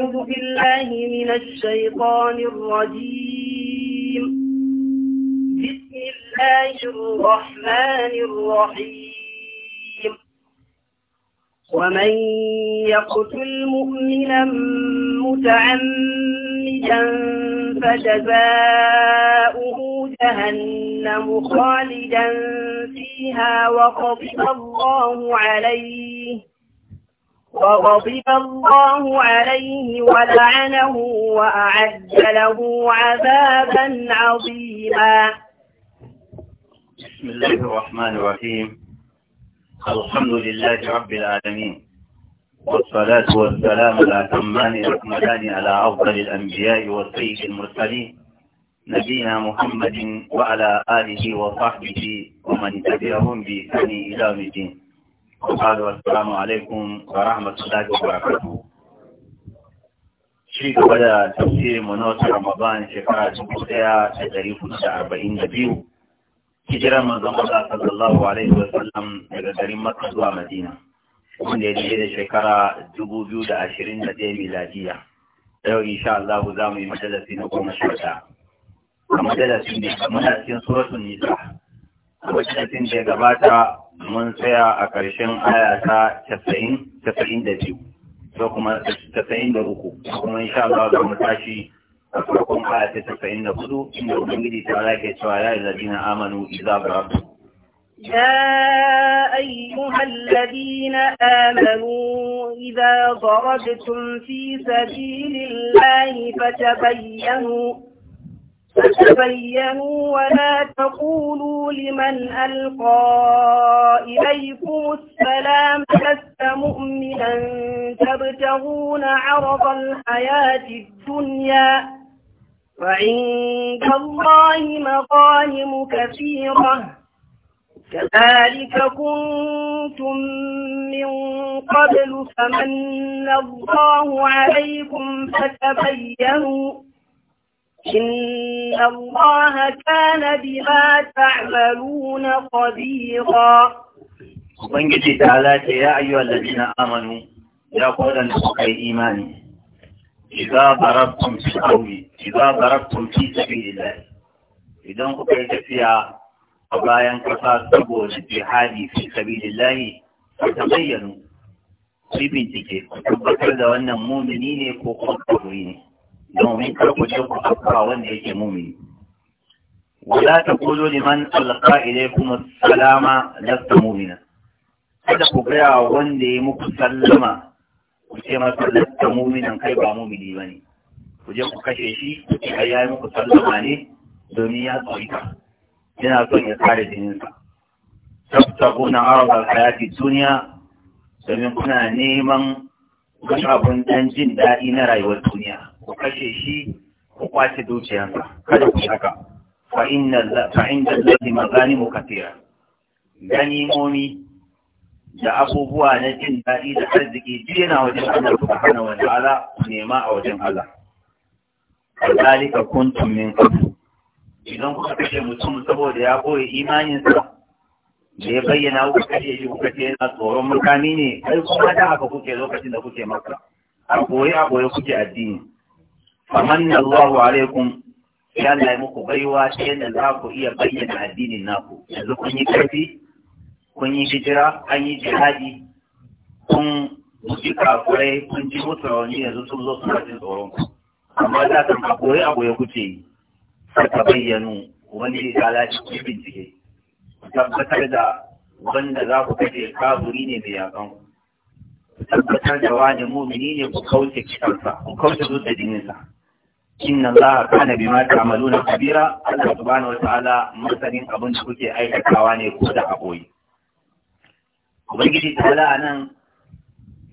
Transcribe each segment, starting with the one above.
أعوذ بالله من الشيطان الرجيم بسم الله الرحمن الرحيم ومن يقتل مؤمنا متعمدا فجزاؤه جهنم خالدا فيها وقضى الله عليه وغضب الله عليه ولعنه وأعد له عذابا عظيما بسم الله الرحمن الرحيم الحمد لله رب العالمين والصلاة والسلام الأتمان الأكملان على أفضل الأنبياء والسيد المرسلين نبينا محمد وعلى آله وصحبه ومن تبعهم بإحسان إلى الدين وبعد والسلام عليكم ورحمة الله وبركاته شيء بدأ تفسير sallallahu alaihi wa sallam daga garin zuwa shekara dubu biyu da da yau insha Allah za mu yi majalisi na goma sha a majalisin da muna cikin suratul nisa a majalisin da ya gabata mun tsaya a ƙarshen aya ta 92 da kuma 93 kuma insha Allah za mu tashi a farkon aya ta 94 inda ubangiji ta ke cewa ya yi ladina amanu idza barabu يا أيها الذين آمنوا إذا ضربتم في سبيل الله فتبينوا ولا تقولوا لمن ألقى إليكم السلام لست مؤمنا تبتغون عرض الحياة الدنيا وعند الله مغانم كثيرة كذلك كنتم من قبل فمن الله عليكم فتبينوا إن الله كان بما تعملون خبيرا Ubangiji ta lati ya ayyuwa lalina amanu ya kodanda suka yi imani, shiga barabtun fi auri, shiga barabtun fi sabi lillahi, idan kuka yi tafiya a bayan kasa saboda jihadi fi sabi lillahi, ta bayyano, ku bincike, ku tabbatar da wannan mumini ne ko kuma ne. domin karkuce ku afka wanda yake mumini wala taqulu liman alqa kuma salama lasta mu'mina kada ku gaya wanda ya muku sallama ku ce masa lasta mu'minan kai ba mu'mini ne. ku je ku kashe shi kai ya muku sallama ne domin ya tsorita yana son ya kare jininsa tabtaquna arda hayati duniya domin kuna neman wani abun dan jin daɗi na rayuwar duniya ku kashe shi ku kwace dukiyarsa kada ku shaka fa inna fa inda allazi mazalimu katira ganimomi da abubuwa na jin daɗi da arziki duk yana wajen Allah subhanahu wa ta'ala nema a wajen Allah kazalika kuntum min qabl idan kuka kashe mutum saboda ya boye imaninsa da ya bayyana ku kashe shi kuka ce yana tsoron mutane ne kai kuma da haka kuke lokacin da kuke maka a koyi a koyi kuke addini famanna Allahu alaikum ya Allah muku baiwa ta yadda za ku iya bayyana addinin naku yanzu kun yi karfi kun yi hijira an yi jihadi kun buɗi kafurai kun ji musu rauni yanzu sun zo suna jin tsoron ku amma za ka kore abu ya kuce yi ka bayyanu wani da lalace ku bincike tabbatar da wanda za ku kaje kaburi ne mai yakan ku tabbatar da wani mumini ne ku kauce kitansa ku kauce zuwa jininsa inna Allah kana bima ta'maluna kabira Allah subhanahu wataala masanin abin da kuke aikatawa ne ko da aboyi ubangiji ta'ala anan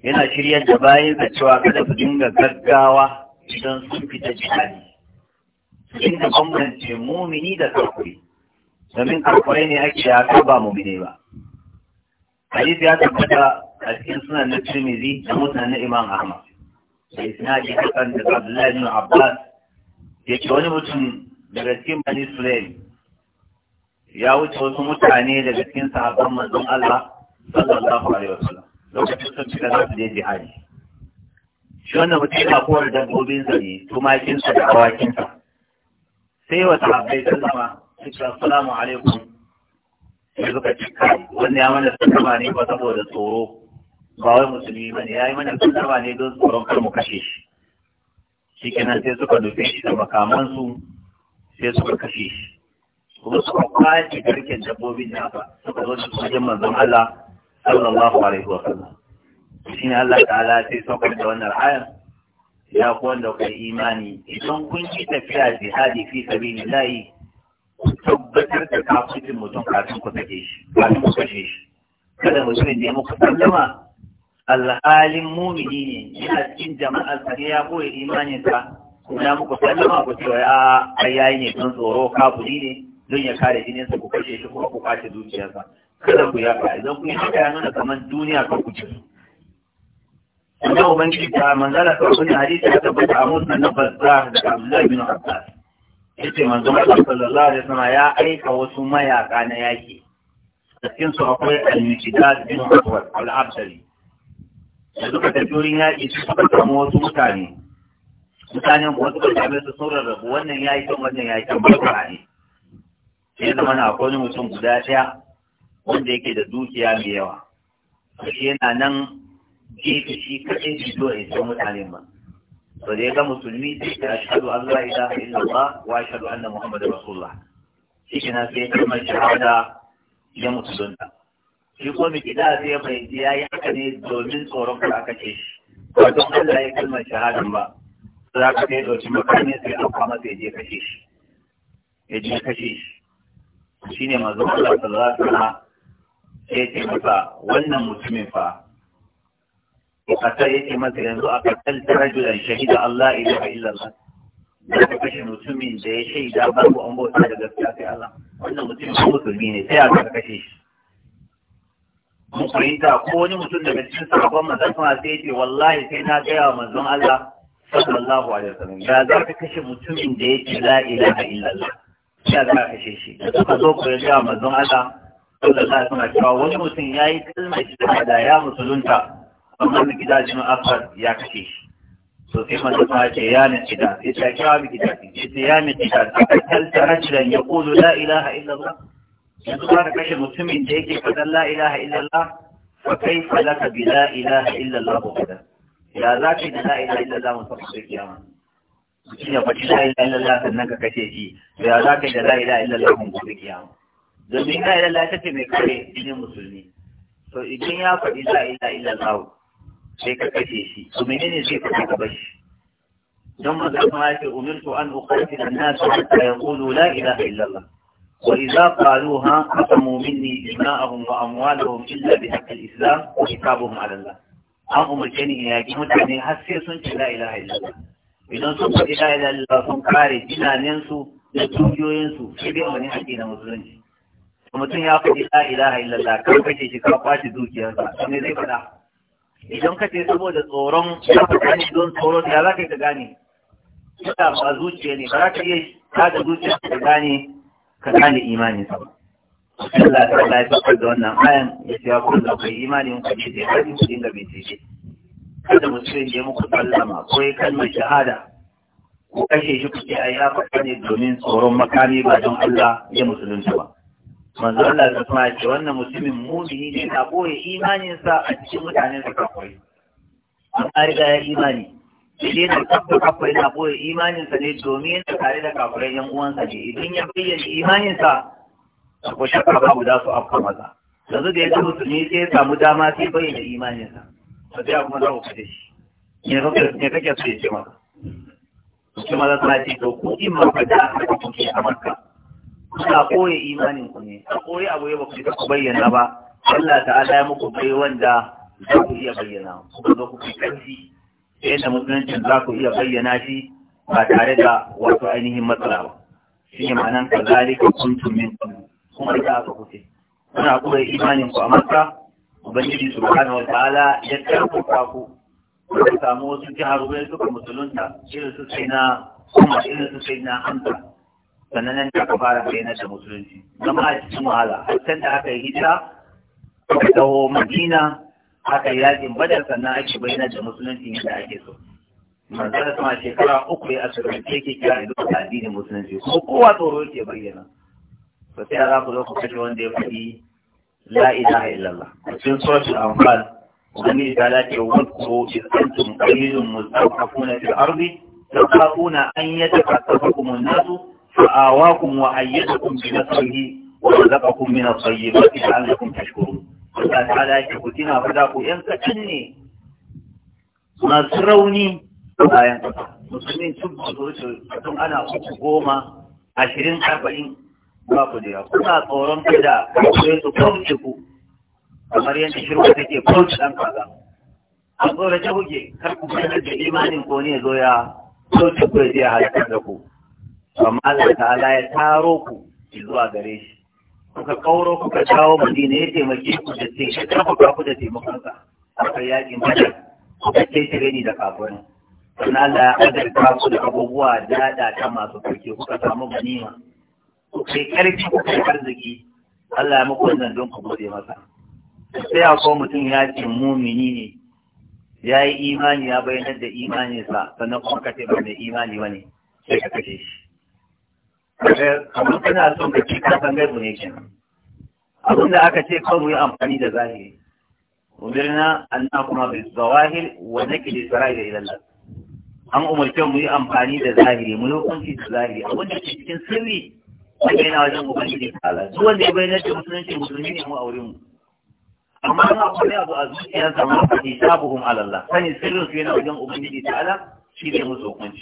yana shiryar da bayan da cewa kada su dinga gaggawa idan sun fita jihadi su dinga bambance mumini da karkuri domin karkure ne ake ya ba mumini ba hadisi ya tabbata a cikin sunan na tirmizi da mutanen imam ahmad da a hasan da abdullahi bin abbas ce wani mutum daga cikin bani Sulaim ya wuce wasu mutane daga cikin sahabban manzon Allah sallallahu alaihi wasallam lokacin sun fita za su je jihadi shi wannan mutum yana kowar dabbobin sa ne tumakin sa da awakin sa sai wa sahabbai sallama suka assalamu alaikum sai suka ce kai wannan ya mana sallama ne ba saboda tsoro ba wai musulmi bane yayi mana sallama ne don tsoron kar mu kashe shi shikenan sai suka nufe shi da makamansu sai suka kashe shi kuma suka kwace garken dabbobin nasa suka zo su wajen manzon Allah sallallahu alaihi wa sallam shi ne Allah ta'ala sai saukar da wannan ayar ya ku wanda ku imani idan kun yi tafiya jihadi fi layi, ku tabbatar da kafin mutum kafin ku kafin ku kashe shi kada mutum ya muku sallama alhalin mumini ne ya cikin jama'ar sa ya boye imanin sa kuma muku sallama ku cewa a ayyayi ne don tsoro kafuri ne don ya kare jinin sa ku kashe shi kuma ku kwace zuciyarsa kada ku ya ka idan ku yi haka ya nuna kamar duniya ka ku ci Allah ubangiji ta manzala ta sunna hadisi ta tabbata a musulman na bazza da Abdullahi bin Abbas yace manzo Allah sallallahu alaihi wasallam ya aika wasu mayaka na yaki cikin su akwai al-Miqdad bin Aswad al-Abdali da suka tafi wurin yaƙi su suka samu wasu mutane mutanen kuma suka same su saurar rarrabu wannan ya yi kan wannan ya yi kan barka ne sai zama na akwai wani mutum guda ɗaya wanda yake da dukiya mai yawa shi yana nan gefe shi kaɗai bai zo ya ce mutanen ba to da ya ga musulmi sai ta ashhadu an a ilaha ba wa an da muhammadu rasulullah shi kenan sai ya kama shahada ya musulunta shi ko mai gida sai mai fahimci ya yi haka ne domin tsoron kada aka ce shi ba don Allah ya kalmar shahadan ba za ka kai ɗauki makami sai an kama sai je kashe shi ya je kashe shi shi ne mazo Allah sallallahu alaihi wasallam Ya ce masa wannan mutumin fa ya ce masa yanzu a kasar rajulan shahida Allah ilaha ba. da ka kashe mutumin da ya shaida babu an bauta da gaskiya sai Allah wannan mutumin musulmi ne sai a kashe shi musulunta ko wani mutum daga cikin sahabban manzon sama sai ya ce wallahi sai na gaya wa manzon Allah sallallahu alaihi wasallam da za ka kashe mutumin da yake la ilaha illallah da za ka kashe shi da suka zo ku ya gaya manzon Allah sallallahu alaihi wasallam cewa wani mutum ya yi kalmar shahada ya musulunta amma mai gidajen afar ya kashe shi to sai manzon sama ce ya ni gida ya ce kira mi gida ya ce ya mi gida ka kalta rajulan yaqulu la ilaha illallah yanzu za ka kashe mutumin da yake faɗan la ilaha illallah fa kaifa laka bi la ilaha illallah ko kada ya za ka yi da la ilaha illallah mun fa kashe kiyama mutum ya faɗi la ilaha illallah sannan ka kashe shi ya za ka yi da la ilaha illallah mun gobe kiyama domin la ilaha illallah ce mai kare jinin musulmi to idan ya faɗi la ilaha illallah sai ka kashe shi to menene sai ka kashe bashi don maza kuma ya ce umirtu an uqatila an nasu a yaqulu la ilaha illallah وإذا قالوها قسموا مني دماءهم وأموالهم إلا بحق الإسلام وحسابهم على الله an umarce ni ya yaƙi mutane har sai sun ce la ilaha idan sun faɗi la ilaha sun kare jinanensu da dukiyoyinsu sai dai wani haƙi na musulunci mutum ya faɗi la ilaha illallah kan shi ka kwace dukiyarsa ne zai faɗa idan ka ce saboda tsoron ya faɗa ne don tsoron ya za ka yi gane Kuda ba zuciya ne ba za ka iya kada zuciya ka kanani gane imanin sa Allah ta Allah ya da wannan ayan ya ce ya kullum kai imani mun kaje da bari ku dinga bincike kada mutumin ya muku sallama ko ya kalma shahada ku kashe shi ku ce ai ya ne domin tsoron makami ba don Allah ya musulunta ba manzo Allah ya kuma ce wannan musulmin mumini ne na boye imaninsa a cikin mutanen sa kawai an riga ya imani shi da kafa kafa yana boye imaninsa ne domin ta tare da kafirai yan uwansa ne idan ya bayyana imaninsa a ko shakka guda su afka maza yanzu da ya ga musulmi sai ya samu dama sai bayyana imaninsa to sai kuma za ku kaje shi me kake me kake so ya ce maka ce maza suna ce to ku in ma da aka kuke a maka? kuna koye imanin ku ne a koye abu ya ba ku bayyana ba Allah ta'ala ya muku bai wanda za ku iya bayyana ku zo ku kai kanti ta yadda musulunci za ku iya bayyana shi ba tare da wato ainihin matsala ba shi ne ma'anan ka zalika kuntum min kuma da aka kuce kuna kuma imanin ku a makka ubangiji subhanahu wataala ya karfafa ku ku samu wasu jiharubai suka musulunta irin su sai na kuma irin su sai na hanta sannan nan aka fara bayyana da musulunci Gama a cikin wahala har can da aka yi hijira aka taho madina haka yi yakin badar sannan ake bayyana da musulunci yadda ake so manzara sama shekara uku ya asirance yake kira da duka addinin musulunci ko kowa tsoro yake bayyana ba sai a ku zo ku kashe wanda ya faɗi la ilaha illallah a cikin suratul anfal wani ta dace wadko iz antum qalilun mustaqafuna fil ardi taqafuna an yatakasafakum an-nasu fa'awakum wa ayyadakum bi nasrihi wa razaqakum min at-tayyibati la'allakum kuru. Allah ta yake ku tina fada ku ‘yan kacin ne masu rauni bayan musulmin sun zuwa tun ana uku goma ashirin arba'in ba ku da yawa kuna tsoron da sai su kauce ku kamar yadda shirwa take kauce ɗan kaza a tsoron ta huge kar ku sanar da imanin ko ne zo ya kauce ku ya je halittar da ku amma Allah ta'ala ya taro ku zuwa gare shi kuka kauro kuka dawo madina ya taimake ku da sai ya karfafa ku da taimakonsa aka yaƙi mata kuka ce ta gani da kafirin sannan Allah ya azurta ku da abubuwa daɗa ta masu karke kuka samu ganima kuka yi ƙarfi kuka yi arziki Allah ya muku wannan don ku gode masa sai akwai mutum ya ce mumini ne ya yi imani ya bayyanar da imaninsa sannan kuma ka ce ba mai imani ba ne sai ka kashe shi kamar kana son ka ci kasan gaibu ne kenan abin da aka ce kawai yi amfani da zahiri umirna an kuma bil zawahir wa nakili sarayya ila Allah an umarce mu yi amfani da zahiri mu yi hukunci da zahiri abin da ke cikin sirri a yana wajen da ta'ala duk wanda ya bayyana da musulunci musulmi ne mu aure mu amma in akwai abu a zuciyarsa ma fa hisabuhum ala Allah sani sirrin su yana wajen da ta'ala shi ne musu hukunci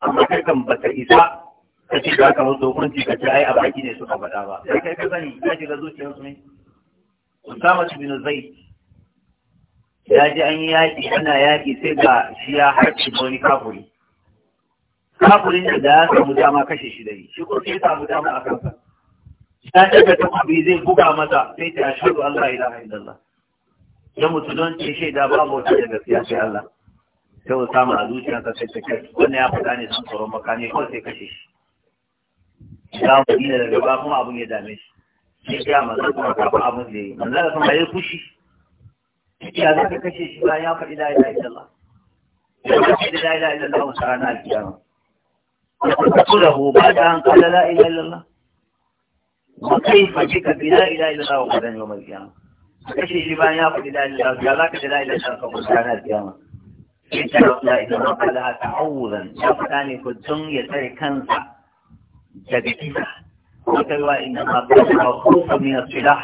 amma kakan bata isa ka ce za ka musu ci ka ce ai a baki ne suka faɗa ba sai kai ka sani ka shiga zuciyar zuciyarsu ne Usama bin Zaid ya ji an yi yaƙi ana yaƙi sai ga shi ya harci wani kafuri kafurin da ya samu dama kashe shi da yi shi ko sai samu dama a kansa ya daga takobi zai buga masa sai ta ashhadu Allah ilaha illallah ya mutu don ce shaida ba wata da gaskiya sai Allah sai Usama a zuciyarsa sai ta kai wannan ya faɗa ne sun tsoron makani kawai sai kashe shi ya madina da gaba kuma abun ya dame shi sai ya manzo kuma kafin abun da yi manzo da kuma ya kushi ya za ka kashe shi bayan ya faɗi la ilaha illallah ya faɗi la ilaha illallah wasu rana alkiyama ya kusa da hu ba da an kalla la ilaha illallah wa kaifa bika bi la ilaha illallah wa qadan yawm alqiyama kashe shi bayan ya faɗi la ilaha illallah ya za ka da la ilaha illallah wasu rana alkiyama in ta la daga kisa wata ruwa inda ma ba su ba kofa min asilah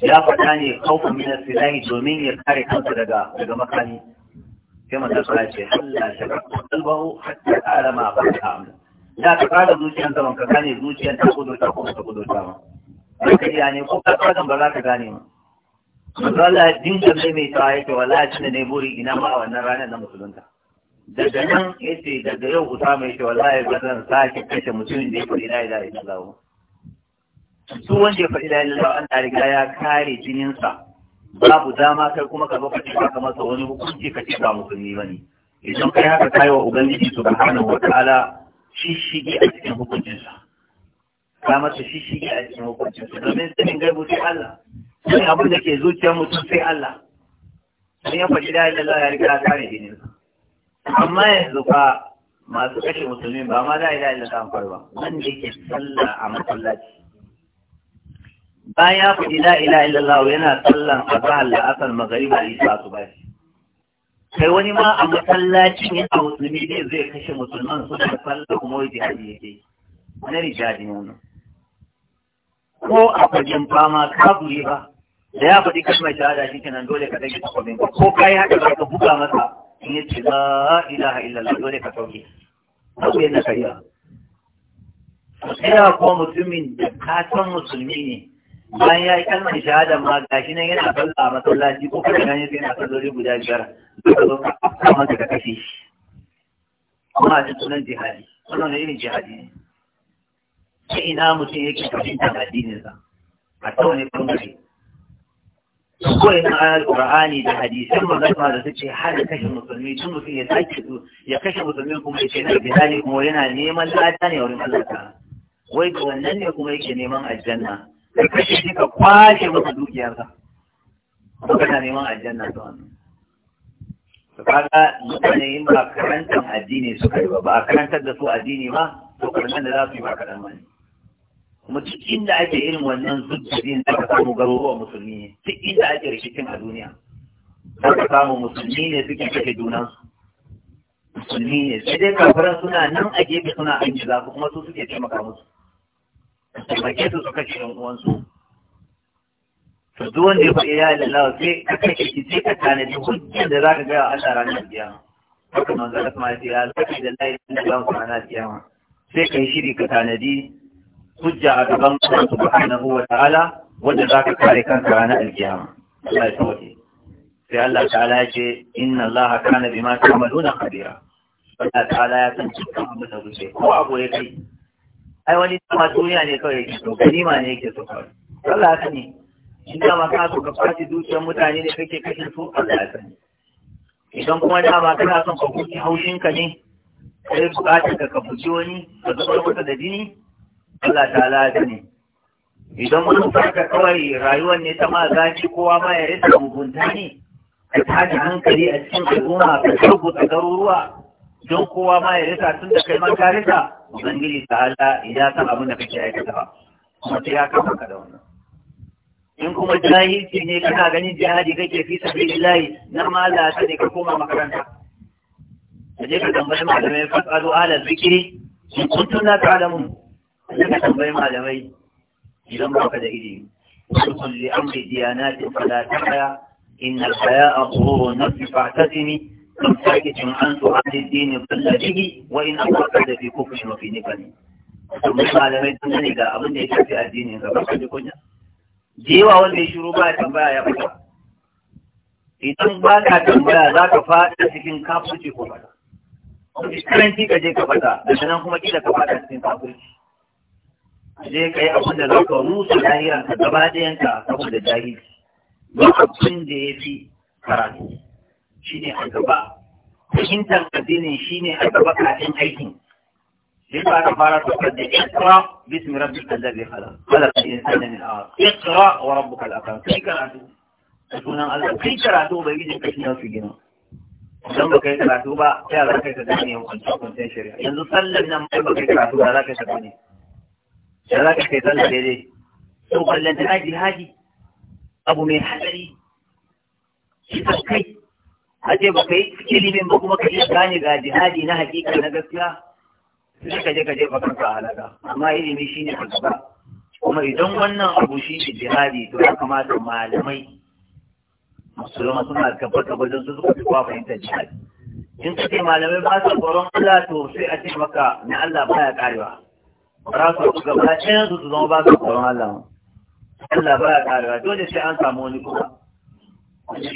ya fata ne kofa min asilahi domin ya kare kansa daga daga makani sai manzo sallallahu ce Allah ya ce kalbahu hatta ta'ala ma ba ta amna da ka kada zuciyar zaman ka gane zuciyar ta kudo ta kuma ta kudo ta ma ba ka iya ne ko ka kada ba za ka gane ma Allah din da mai mai ta yake wallahi ne buri ina ma wannan ranar na musulunta daga nan ce daga yau Usama yace wallahi ba zan sake kashe mutumin da ya faɗi la ilaha illallah su wanda ya faɗi la ilaha illallah an riga ya kare jininsa babu dama kai kuma ka zo ka ce ka masa wani hukunci ka ce ba musulmi ne idan kai haka kai wa ubangiji subhanahu ala shishigi a cikin hukuncinsa ka masa shishigi a cikin hukuncinsa domin sanin gaibu sai Allah sai abin da ke zuciyar mutum sai Allah sai ya faɗi la ilaha illallah ya riga ya kare jininsa amma yanzu fa masu kashe musulmi ba ma za a yi ta amfani ba wanda yake sallah a masallaci bayan ya faɗi la'ila illallah yana sallan azahar la'asar magariba isa su ba shi kai wani ma a masallacin a musulmi ne zai kashe musulman su da sallah kuma wai jihadi ke na rijadi ne wani ko a fagen fama kaburi ba da ya kashe mai shahada shi kenan dole ka dage takobin ko kai haka ka buga masa in yace la ilaha illallah dole ka sauke sauke na kariya sai ko mutumin da ka san musulmi ne bayan ya yi kalmar shahada ma gashi nan yana sallah a masallaci ko kuma gani sai yana salloli guda biyar duka zo ka afka masa ka kashe shi amma a sunan jihadi sunan irin jihadi ne sai ina mutum yake fahimtar addininsa a ta wani bangare kawai na ayar qur'ani da hadisan magana da suke hana kashe musulmi tun mutum ya sake su ya kashe musulmi kuma ya ce na bidani kuma yana neman lada ne wurin Allah wai ga wannan ne kuma yake neman aljanna ka kashe shi ka kwace masa dukiyarsa ba kana neman aljanna ta wannan to kaga mutane yin ba karantar addini suka yi ba ba a karantar da su addini ba to karantar da za su yi ba kaɗan ba ne kuma duk inda ake irin wannan zubbirin da aka samu garuruwa musulmi ne duk inda ake rikicin a duniya aka samu musulmi ne suke kashe junansu musulmi ne sai dai kafiran suna nan a gefe suna aiki za su kuma su suke taimaka musu taimake su su kashe yan uwansu to duk wanda ya faɗi ya lallawa sai ka kashe shi sai ka tanadi hujjar da za ka gaya wa Allah ranar kiyama haka manzo Allah kuma ya ce ya zaki da layi da Allah kuma na kiyama sai ka yi shiri ka tanadi hujja a gaban Allah subhanahu wa ta'ala wanda za ka kare kanka ranar alkiyama Allah ya sauke sai Allah ta'ala ya ce inna Allah kana bima ta'maluna khabira Allah ta'ala ya san cikin abin da kuke ko abu ya kai ai wani kuma duniya ne kawai yake so ganima ne yake so Allah ya sani in da ma ka so ka fashi dukiyar mutane ne kake kashe su Allah ya sani idan kuma dama kana son ka kuci haushinka ne sai bukatar ka ka fuji wani ka zubar masa da jini Allah ta lati ne idan mun farka kawai rayuwar ne ta ma gaji kowa ma ya rika mugunta ne ka tashi hankali a cikin al'umma ka ta garuruwa don kowa ma ya rika tun da kai ma ka rika ubangiji ta Allah ya san abin da kake aikata ba kuma sai ya kafa ka da wannan in kuma jahilci ne kana ganin jihadi kake fi sabilillahi nan ma Allah ya ne ka koma makaranta Ka je ka tambayi malamai fasalu ala zikiri in kuntum ta ta'lamun daga tambayi malamai idan ka da ilimi وكل لأمر ديانات فلا تحيا إن الحياء غرور النفس فاعتزمي من ساكت أنت عن الدين kuka به وإن أفقد في كفر وفي نفل ثم malamai sun sani ga abin da ya shafi addinin ga baka da kunya jewa wanda ya shiru ba tambaya ya fita idan ba ka tambaya za ka fada cikin kafirci ko fada kuma ka je ka fada daga nan kuma kila ka fata cikin kafirci je ka yi abin da zaka rusa lahiran ka gaba ɗayanka saboda jahili ba abin da ya fi karatu shi ne a gaba fahimtar addinin shi ne a gaba kafin aikin sai ba ka fara tokar da ikra bismi rabbika hala hala ta al-insana ne a ikra wa rabbuka al-akram kai karatu A sunan Allah kai karatu bai yi ka shi su gina Idan ba kai karatu ba sai yi ka ga ne hukuncin shari'a yanzu sallar nan ba kai karatu ba za ka ta ne da za ka kai sallah daidai sun ballanta na jihadi abu mai hadari kisan kai a ce ba kai ilimin ba kuma ka iya gane ga jihadi na hakika na gaskiya sai ka je ka je bakan ka halaka amma ilimi shi ne gaba kuma idan wannan abu shi ne jihadi to ya kamata malamai musulma suna gaba gaba don su suka fi kwa fahimtar jihadi in ka ce malamai ba su tsoron Allah to sai a ce maka na Allah baya karewa ba ku gaba su su zama ba su tsoron Allah Allah dole sai an samu wani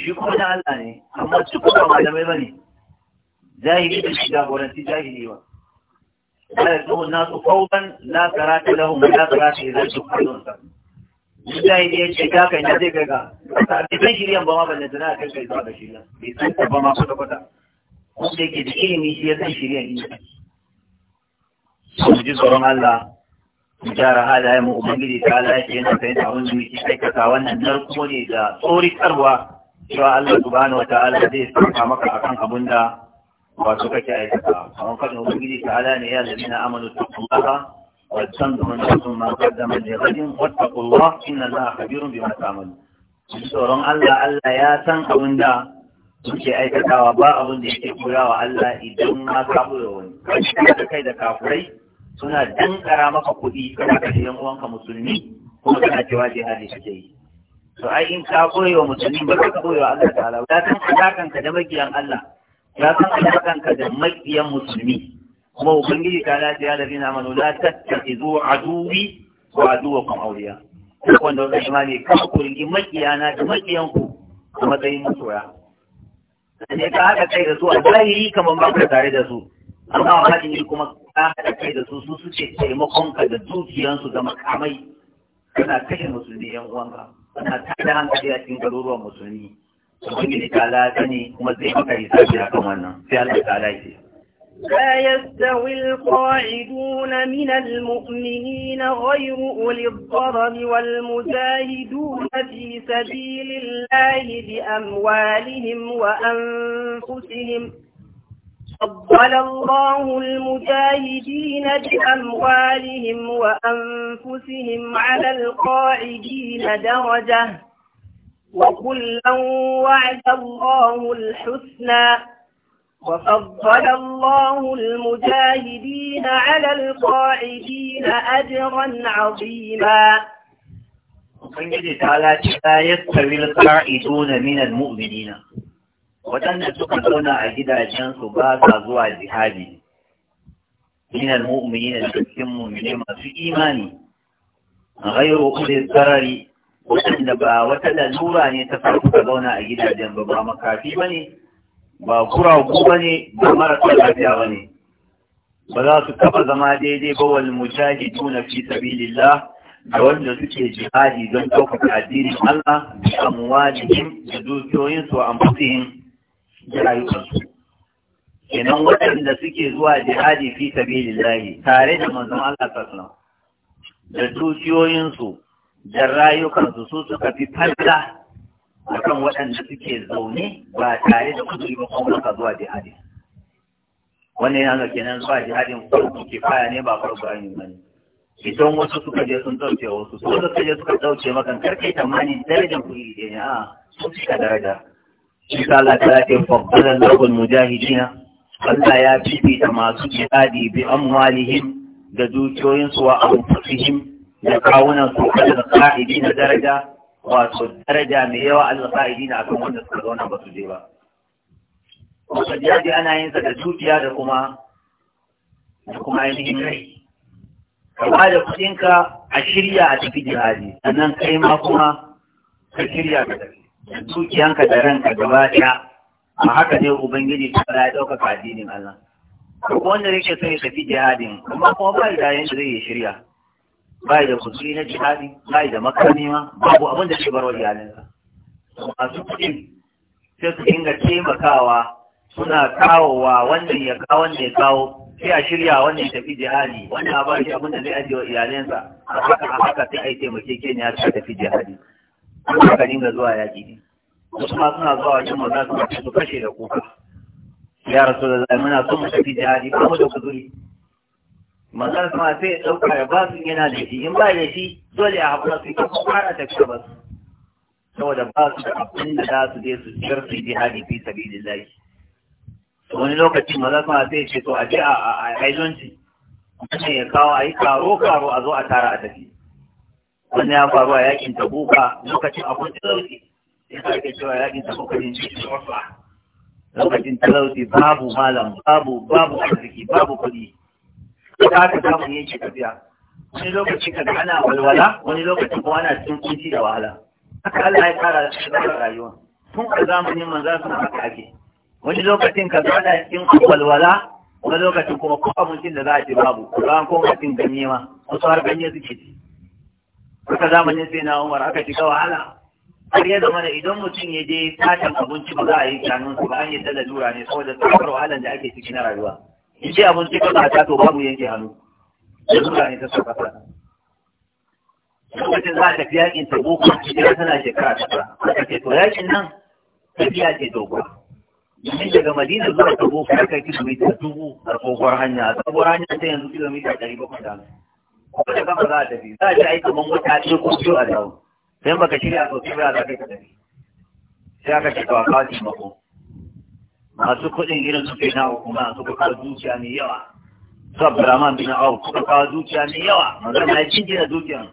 shi kuma na Allah ne amma malamai ba ne ba yadda su ta zai kai ba ma kai zuwa shirya ba ma kwata kwata wanda yake da ilimi shi ya san shirya ilimi mu ji tsoron Allah mu gyara halayen mu ubangiji ta Allah yake yana kai da muke aikata wannan narko ne da tsorikarwa cewa Allah subhanahu wata'ala zai saka maka akan abin da wato kake aikata kamar fadin ubangiji ta Allah ne ya zabi lamina amanu taqullaha wa tanzuru nafsun ma qaddamat li ghadin wattaqullaha inna Allaha khabirun bima ta'malun tsoron Allah Allah ya san abin da suke aikatawa ba abin da yake wa Allah idan ma ka wani kai da kafurai suna dankara maka kuɗi kana kashe yan uwanka musulmi kuma kana cewa jihadi kake yi to ai in ka koyi wa musulmi ba ka koyi wa Allah ta'ala ya san ka da makiyan Allah ya san ka da makiyan musulmi kuma ubangiji ta la ya da bina manu la tattakizu aduwi wa aduwakum awliya wanda wanda ne ka ku ringi makiyana da ku a matsayin masoya ne ka haɗa kai da su a zahiri kamar ba ka tare da su amma a yi kuma ka haɗa kai da su su suke taimakonka da dukiyansu da makamai kana kashe musulmi yan uwanka kana da hankali a cikin garuruwan musulmi ubangiji ta lata ne kuma zai maka hisabi akan wannan sai Allah ta laifi لا يستوي القاعدون من المؤمنين غير أولي الضرر والمجاهدون في سبيل الله بأموالهم وأنفسهم فضل الله المجاهدين بأموالهم وأنفسهم على القاعدين درجة وكلا وعد الله الحسنى وفضل الله المجاهدين على القاعدين أجرا عظيما وقال تعالى لا يستوي القاعدون من المؤمنين waɗanda suka zauna a gidajensu ba sa zuwa jihadi minal mu'minina da cikin mu'mini masu imani ghayru kudin sarari, waɗanda ba wata lalura ne ta farko suka zauna a gidajen ba ba makafi ne ba kuragu bane ba marasa lafiya ne. ba za su kafa zama daidai ba wal tuna fi sabilillah da wanda suke jihadi don ɗaukaka addinin Allah da amwalihim da dukiyoyinsu a amfani. da kenan waɗanda suke zuwa jihadi fi sabilillahi tare da manzon Allah sallallahu da dukiyoyinsu da rayukansu su suka fi A akan waɗanda suke zaune ba tare da kudi ba kuma zuwa jihadi wannan yana da kenan zuwa jihadin farko ke faya ne ba farko an yi mani idan wasu suka je sun dauke wasu su suka je suka dauke makan karkai tamanin darajar kuɗi ne a sun cika daraja shi kala ta ce fabbalan lahul mujahidina Allah ya fifita masu jihadi bi amwalihim da dukiyoyinsu wa anfusihim da kawunan su kada qaidi na daraja wato daraja mai yawa al-qa'idi na akan wanda suka zauna ba su je ba wato jihadi ana yin sa da dukiya da kuma da kuma ainihin rai ka ba da kuɗinka a shirya a cikin jihadi sannan kai ma kuma ka shirya ka tafi da dukiyanka da ranka gaba ɗaya a haka ne ubangiji ta ya ɗaukaka addinin Allah Ko wanda yake son ya tafi jihadin amma kuma ba da da zai shirya ba da kuɗi na jihadi ba da makami ma babu abin da ke barwa iyalinsa masu kuɗi sai su dinga taimakawa suna kawowa wannan ya kawo wannan ya kawo sai a shirya wannan tafi jihadi wannan ba shi abin da zai ajiye wa iyalinsa a haka a haka sai a yi taimakekeniya ta tafi jihadi kuma ka dinga zuwa yaƙi ne wasu ma suna zuwa wajen maza suna ce su kashe da kuka ya rasu da zai muna son mu tafi jihadi ba mu da kuzuri maza suna sai ya ɗauka ya ba su yana da shi in ba da shi dole a haƙura su kuma fara tafiya ba su saboda ba su da abin da za su je su ciyar su jihadi fi sabidin layi. wani lokaci maza suna sai ya ce to a je a aizonci wannan ya kawo a yi karo karo a zo a tara a tafi wani ya faru a yakin tabuka lokacin akwai talauci ya sake cewa yakin tabuka ne lokacin talauci babu malam babu babu arziki babu kuɗi ta ka samu yake tafiya wani lokaci ka ana walwala wani lokaci kuma ana cikin kunci da wahala haka Allah ya tsara tsara rayuwa tun a zamanin manzo sun haka ake wani lokacin ka zauna cikin walwala wani lokacin kuma ko abincin da za a ci babu ko an kuma mutum ganye ma wasu har ganye suke ci Duka zamanin sai na Umar aka shiga wahala. Har yadda mana idan mutum ya je satan abinci ba za a yi kanunsu ba an yi da lura ne saboda tsakar wahalan da ake ciki na rayuwa. In ce abinci ka sata to babu yanke hannu. Da zura ne ta saka fara. Lokacin za a tafi yakin ta boko hijira tana shekara fara. Aka ce to yakin nan tafiya ce dogo. domin daga madina zuwa ya kai kilomita dubu a tsohuwar hanya a tsohuwar hanya ta yanzu kilomita ɗari bakwai da ko da gama za a tafi za a ji aiki mun mutane ko biyu a dawo sai baka shirya sosai ba za ka tafi sai aka ce ba kawo mako. masu kuɗin irin su kai na uku masu kuka zuciya mai yawa su abdurrahman bin awf kuka kawo zuciya mai yawa magana ya jinjina zuciyan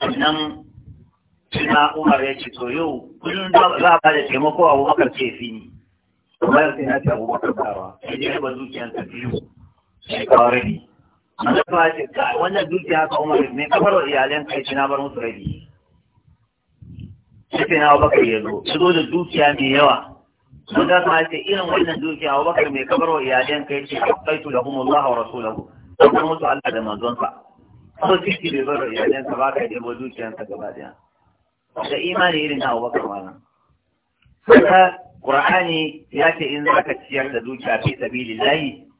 sannan suna umar ya ce to yau kullum za a bada taimako abubakar ce fi ni kuma yau sai na ce abubakar bawa sai dai ba zuciyan ta biyu sai kawo rabi na ba shi wannan dukiya ka umar ne kafar iyalan kai shi na bar musu rabi sai na bakar ya zo ya zo da dukiya mai yawa mun ga ma ce irin wannan dukiya wa bakar mai kafar iyalan kai shi kaitu lahum Allah wa rasuluhu kuma musu Allah da manzon sa ko bai bar iyalan sa ba kai da dukiyan sa gaba daya da imani irin na Abubakar wannan sai Qur'ani ya ce in za ka ciyar da dukiya fi sabilillahi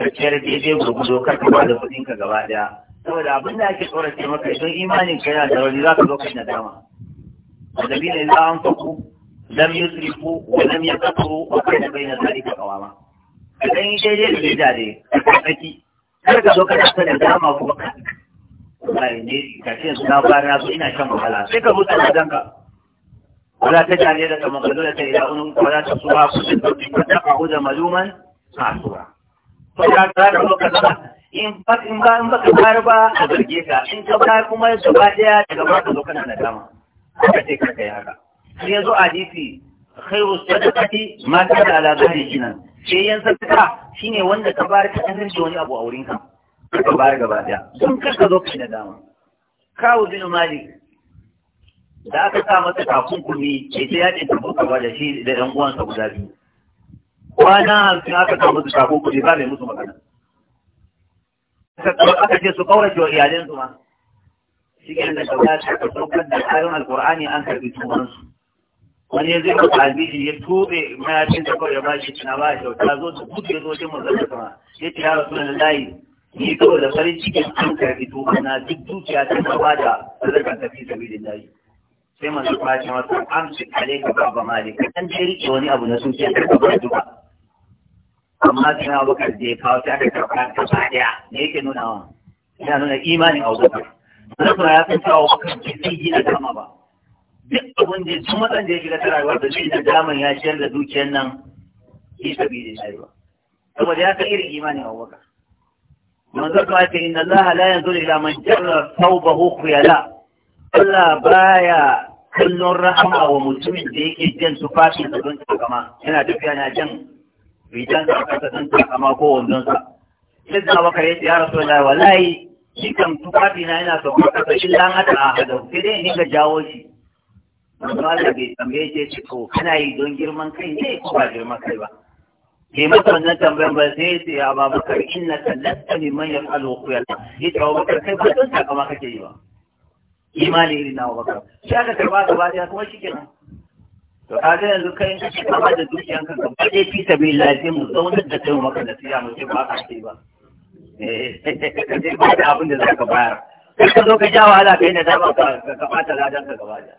karkiyar daidai gurgudo kar ka ba da kuɗin ka gaba daya saboda abin da ake tsorace maka idan imanin ka yana da rauni za ka zo kai nadama a ne za an faku lam yusrifu wa lam na wa kana baina zalika qawama idan yi daidai da daidai da tsaki kar ka zo kana ta nadama ko ka wallahi ne ka ce na fara na so ina shan wahala sai ka mutu da kamar da ta يدك مغلولة إلى عنقك ولا تبسطها كل البسط فتقعد maluman معسورا ba ka kara ba ka in ba in ba in ba ka ba a zarge ka in ka ba kuma gaba daya daga ba ka zo kana da dama ka ce ka kai haka sai yazo hadisi khairu sadaqati ma kana ala shi nan. sai yan shi ne wanda ka bayar ka da wani abu a wurin ka ka bar gaba daya don kar ka zo ka da dama kawo bin malik da aka sa masa takunkumi sai ya ce ba da shi da ɗan uwansa guda biyu kwana hamsin aka sa musu shafo kuɗi ba mai musu magana aka ce su kaurace wa iyalinsu ma shi ke da gaba ta ka saukar da tsarin alkur'ani an karɓi tumansu. wani zai ka albiji ya tobe mayafin da kawai ya ba shi tuna ba ya kyauta zo da duk ya zo jin manzon sama ya ce ya rasu da layi ni kawai da farin cikin an karɓi tuban na duk dukiya ta gaba da sadakar tafi sabi da layi sai manzon sama ce masa amsi ba babba malik kan dai rike wani abu na suke da gaba duka amma sai na bakar da ya kawo ta da karɓa ta ba ɗaya me yake nuna wa yana nuna imanin abubakar na kuma ya san kawo bakar bai zai yi a dama ba duk abin da duk matsan da ya shiga ta rayuwa da zai da daman ya shiyar da dukiyar nan shi sabi da kuma saboda ya san irin imanin abubakar manzon kuma ce inna Allah la yanzuru ila man jarra thawbahu khuyala Allah baya kallon rahama wa mutumin da yake jan tufafin da don kama yana tafiya na jan rigan sa aka tsan ta amma ko wannan sa sai da baka yace ya rasulullahi wallahi shi kan tufafi na yana son kasa shi dan hada a hada sai dai ni ga jawo shi amma da bai tambaye ce ce ko kana yi don girman kai ne ko ba girman kai ba ke masa wannan tambayar ba sai ce ya ba baka inna kallasta liman yaqalu khuyala yace ba baka kai ba don saka ma kake yi ba imani irin nawa baka shi aka karba gaba daya kuma shikenan to kaga yanzu kai ka ci kama da dukiyan ka kan fade fi sabi lafiya mu zaunar da kai maka da siya mu ce ba ka ce ba eh ba da abin da za ka bayar sai ka zo ka ja wahala kai na dama ka ka bata ladan ka gaba da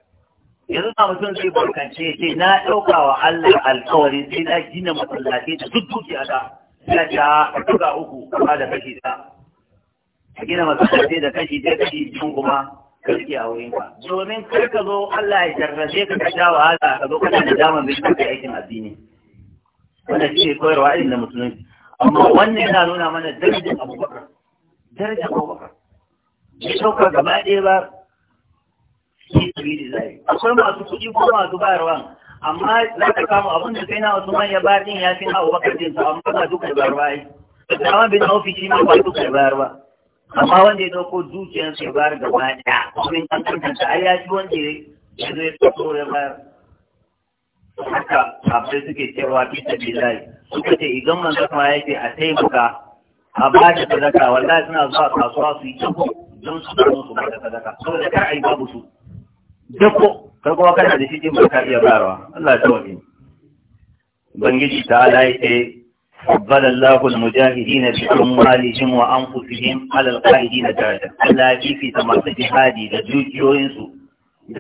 yanzu na mutum zai barkance ce na ɗauka wa Allah alƙawari sai na gina masallaci da duk dukiya ta ya ta ah, duka uku ba da kashi ta a gina masallaci da kashi ta kashi biyu kuma kirki a wurin ka domin kar ka zo Allah ya jarrabe ka ka sha wahala ka zo kana da daman bai ka aikin addini wanda shi ne koyarwa irin na musulunci amma wannan yana nuna mana darajar abubakar darajar abubakar bai ɗauka gaba ɗaya ba shi sabili zai akwai masu kuɗi ko masu bayarwa amma za ka samu abin da kai na wasu manya ba din ya fi na abubakar din su amma ba duka da bayarwa yi da dama bin ofishi ma ba duka bayarwa amma wanda ya dauko dukiyar sai bar gaba da domin kan tantance ai ya ji wanda ya zai ya tsoro ya bayar haka abu suke cewa fi bilai suka ce idan man manzo kuma yake a sai muka a ba da sadaka wallahi suna zuwa kasuwa su yi dako don su samu su ba da sadaka saboda kar a yi babu su dako kai kuma kana da shi jin ba ka iya bayarwa Allah ya tawaye Ubangiji ta ala ya ce قبل الله المجاهدين بأموالهم وأنفسهم على القائدين درجة ألا في jihadi da جهادي لجوجيوينسو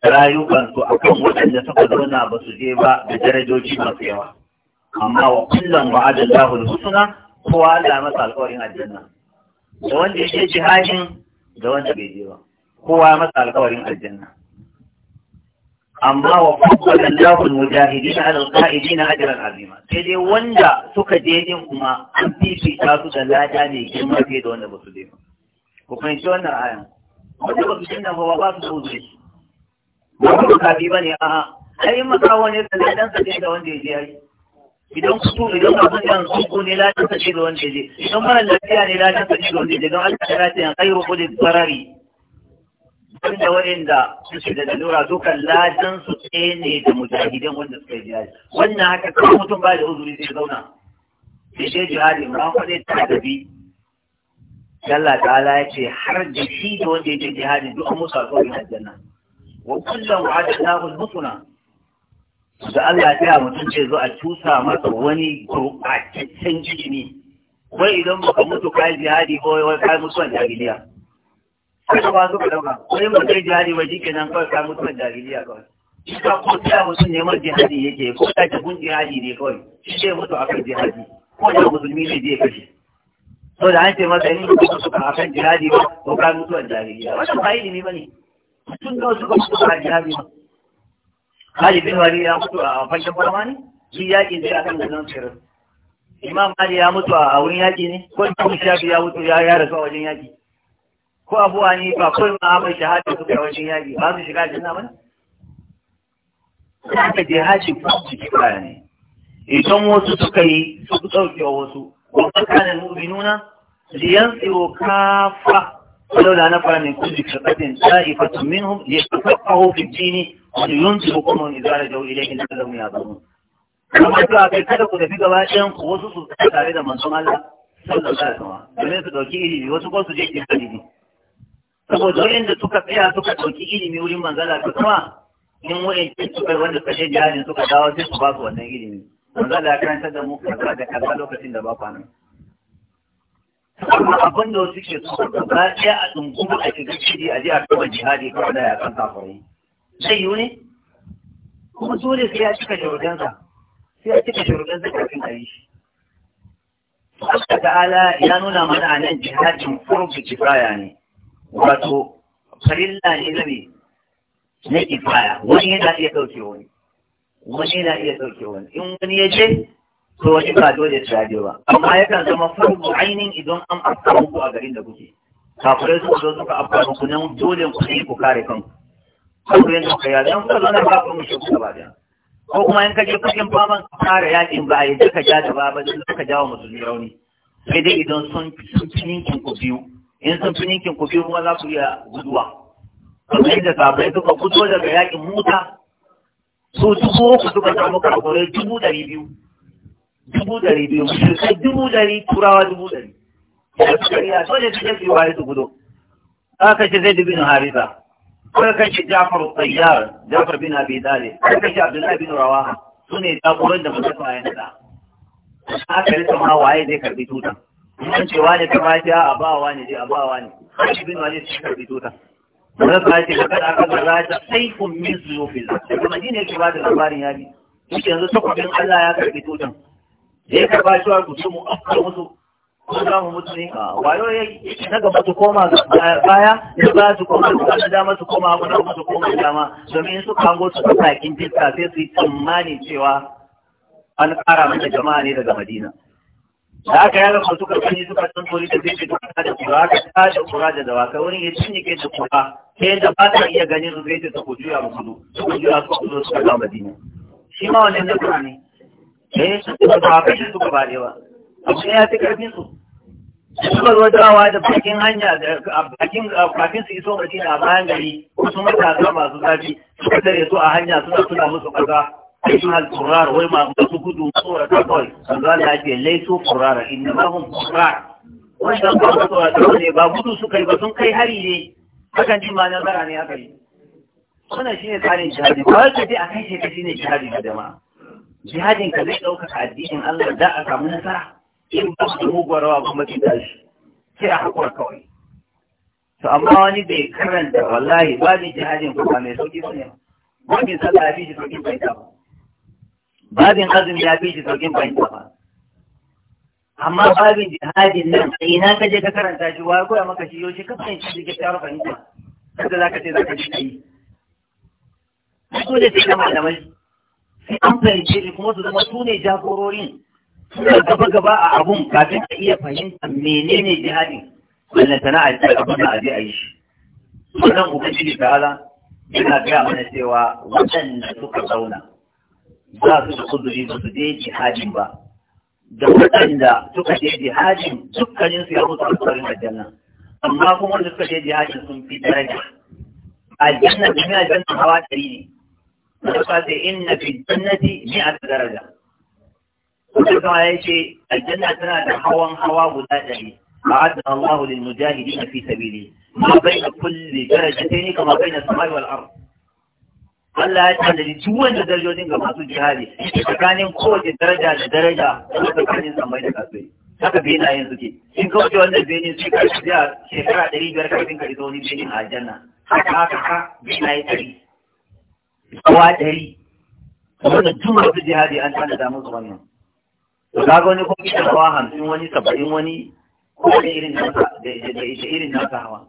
رayukansu a kan waɗanda suka zauna ba su je ba da darajoji masu yawa amma wa kullum ba da lahul kowa Allah masa alƙawarin aljanna da wanda ya je jihadin da wanda ba kowa masa alƙawarin aljanna amma wa faɗaɗa lafin mujahidi na alƙa'idi na ajiyar azima sai dai wanda suka je kuma an fifita su da lada ne girma fiye da wanda ba su je ba ku fahimci wannan ayan wanda ba su je nan ba ba su da uzuri ba su kafi ba ne a ai maka wani da ladan sa da wanda ya je yayi idan kutu idan abun yan sun kone ladan sa da wanda ya je idan mara lafiya ne ladan sa da wanda ya je don Allah ta rataya khairu qul zarari da waɗanda suke da lalura dukan lajin su tsene da mujahidin wanda suka yi jihadi wannan haka kawai mutum ba da uzuri zai zauna sai dai jihadi ba kwaɗe ta gabi Allah ta'ala ya ce har da shi da wanda ya je jihadi duk an musu alƙawarin aljanna wa kullum ta al-husna da Allah ya mutum ce zo a cusa masa wani gurɓataccen jini wai idan ka mutu kai jihadi ko wai kai mutuwan jahiliya kada ba suka dauka wani mutum jihadi ba shi kenan kawai ka mutum jahiliya kawai Ita ko ta mutum neman jihadi yake ko ta ta kun jihadi ne kawai shi ce mutu akan kan jihadi ko da musulmi ne je kashe. So da an ce masa ka mutu akan kan jihadi ba ko ka mutu a jahiliya wannan ba ilimi ba ne. Mutum nawa suka mutu a jihadi ba. Khalid bin Wali ya mutu a fankin farma ne? Shi yaƙin sai akan gudan tsirin. Imam Ali ya mutu a wurin yaƙi ne? Ko Imam Shafi ya mutu ya rasu a wajen yaƙi. ko abuwa ne ba kawai ma abin shahadar su kai wajen yaƙi ba su shiga jinna ba ne? Ka ga jihaji ko su ci baya ne. Idan wasu suka yi su ku wa wasu, ko tsaka da mubi nuna, liyan tsiro kafa, wadau da na fara ne ku ji karɓatin ta ifatun min hum, ya kafa kawo fiti ne, wani yun tsiro kuma wani zara jau ilaikin da zama ya mu. Kuma ta a kai kada ku tafi gaba ɗayan ku wasu su tsare da mantan Allah, sallallahu alaihi wa sallam, domin su ɗauki iri, wasu kuma su je ƙin kalibi. saboda da suka tsaya suka ɗauki ilimi wurin manzala ta kuma in wayancin suka wanda suka je jihadin suka dawo sai su ba su wannan ilimi manzala ya karanta da mu kaza da kaza lokacin da ba kwana kuma abin da wasu ke so ba ɗaya a dungumu a shiga ciki a jihar a jihadi kawai da ya kan kafirai zai yiwu ne kuma dole sai ya cika shurudansa sai ya cika shurudansa kafin a yi shi Allah ta'ala ya nuna mana a nan jihadin furbu kifaya ne wato farilla ne na me na kifaya wani yana iya ɗauke wani wani yana iya ɗauke wani in wani ya je to wani ba dole su yaje ba amma yakan zama farko ainihin idan an afka muku a garin da kuke kafirai su zo suka afka muku nan dole ku yi ku kare kanku kanku yin kuka yaje an fara nan ba ku mu ku ba da ko kuma in ka je baban ka fara yakin ba yadda ka ja da ba ba ka jawo musulmi rauni sai dai idan sun sun ninkin ku biyu in sun fi ninkin kofi biyu kuma za ku iya guduwa kamar yadda sabai suka fito daga yakin muta su dubu uku suka samu karkurai dubu dari biyu dubu dari biyu shirkai dubu dari turawa dubu dari da dole su je su yi su gudu aka ce zai dubi na Kuma kan kashe jafar tsayyar jafar bin abi dale kan shi abdullahi bin rawa su ne jagoran da mutum ya nada aka rika ma waye zai karbi tutan an ce wani kama ta a bawa ne je a ba tota. wani kashi bin wani shi karbi tuta wani ka ce ka kada aka zara ta sai kun min zurofin daga madina yake ba da labarin ya bi shi yanzu takwamin allah ya karbi tutan da ya karba shi wa ku mu afkar musu ko za mu mutu ne ah, wayo ya na gaba su koma baya su ba su koma su kasa dama su koma abu na kuma su koma dama domin su kango su kasa kin fiska sai su yi tsammanin cewa an kara mata jama'a ne daga madina da aka yaran masu karfani suka san kori da zai fito ta da kura ka ta da kura da dawa kai wurin ya cinye ke da kura ta da ba ta iya ganin zai ta ku juya musu suka juya suka kudu suka ga madina shi ma wannan da kura ne eh suka ba ka shi suka ba dewa abu ya fi karfin su suka zo dawa da bakin hanya da bakin kafin su iso madina a bayan gari wasu matasa masu zafi suka tare su a hanya suna suna musu kaza ainihin al-qurar wai masu gudu tsora ta kawai kanzu ya inna ba ne ba gudu su kai ba kai hari ne hakan ne shine tsarin wai a kai shi ka zai addinin Allah a samu in ba su mugwara wa gwamnati da shi sai a kawai to amma wani bai karanta wallahi babin mai sallah ya babin azumi ya fi shi saukin fahimta ba amma babin jihadin nan ina ka je ka karanta shi wa koya maka shi shi ka fahimci shi ke tsara fahimta kada za ka ce za ka ji ayi dole sai da malamai sai an fahimci shi kuma su zama su ne jagororin suna gaba gaba a abun kafin ka iya fahimta menene jihadin wannan sana'a ce abin da a je a yi shi wannan ubangiji ta'ala yana gaya mana cewa waɗanda suka zauna za su da kuduri ba su je jihadin ba da waɗanda suka je jihadin dukkanin su ya mutu a tsarin aljanna amma kuma wanda suka je jihadin sun fi daraja aljanna da ne aljanna hawa ɗari ne da ka ce inna fi jannati ni a daraja kuma kama ya ce aljanna tana da hawan hawa guda ɗari A أعد الله للمجاهدين في سبيله ما بين كل درجتين كما بين السماء والأرض Allah ya tanadi duk wanda darajojin ga masu jihadi tsakanin kowace daraja da daraja ko tsakanin samai da kasai haka yin suke in wuce wannan benin su ka shiga shekara ɗari biyar kafin ka iso wani benin a aljanna haka haka ha yi ɗari kowa ɗari wanda duk masu jihadi an da musu wannan to kaga wani kuma kitawa hamsin wani saba'in wani ko wani irin nasa da irin nasa hawa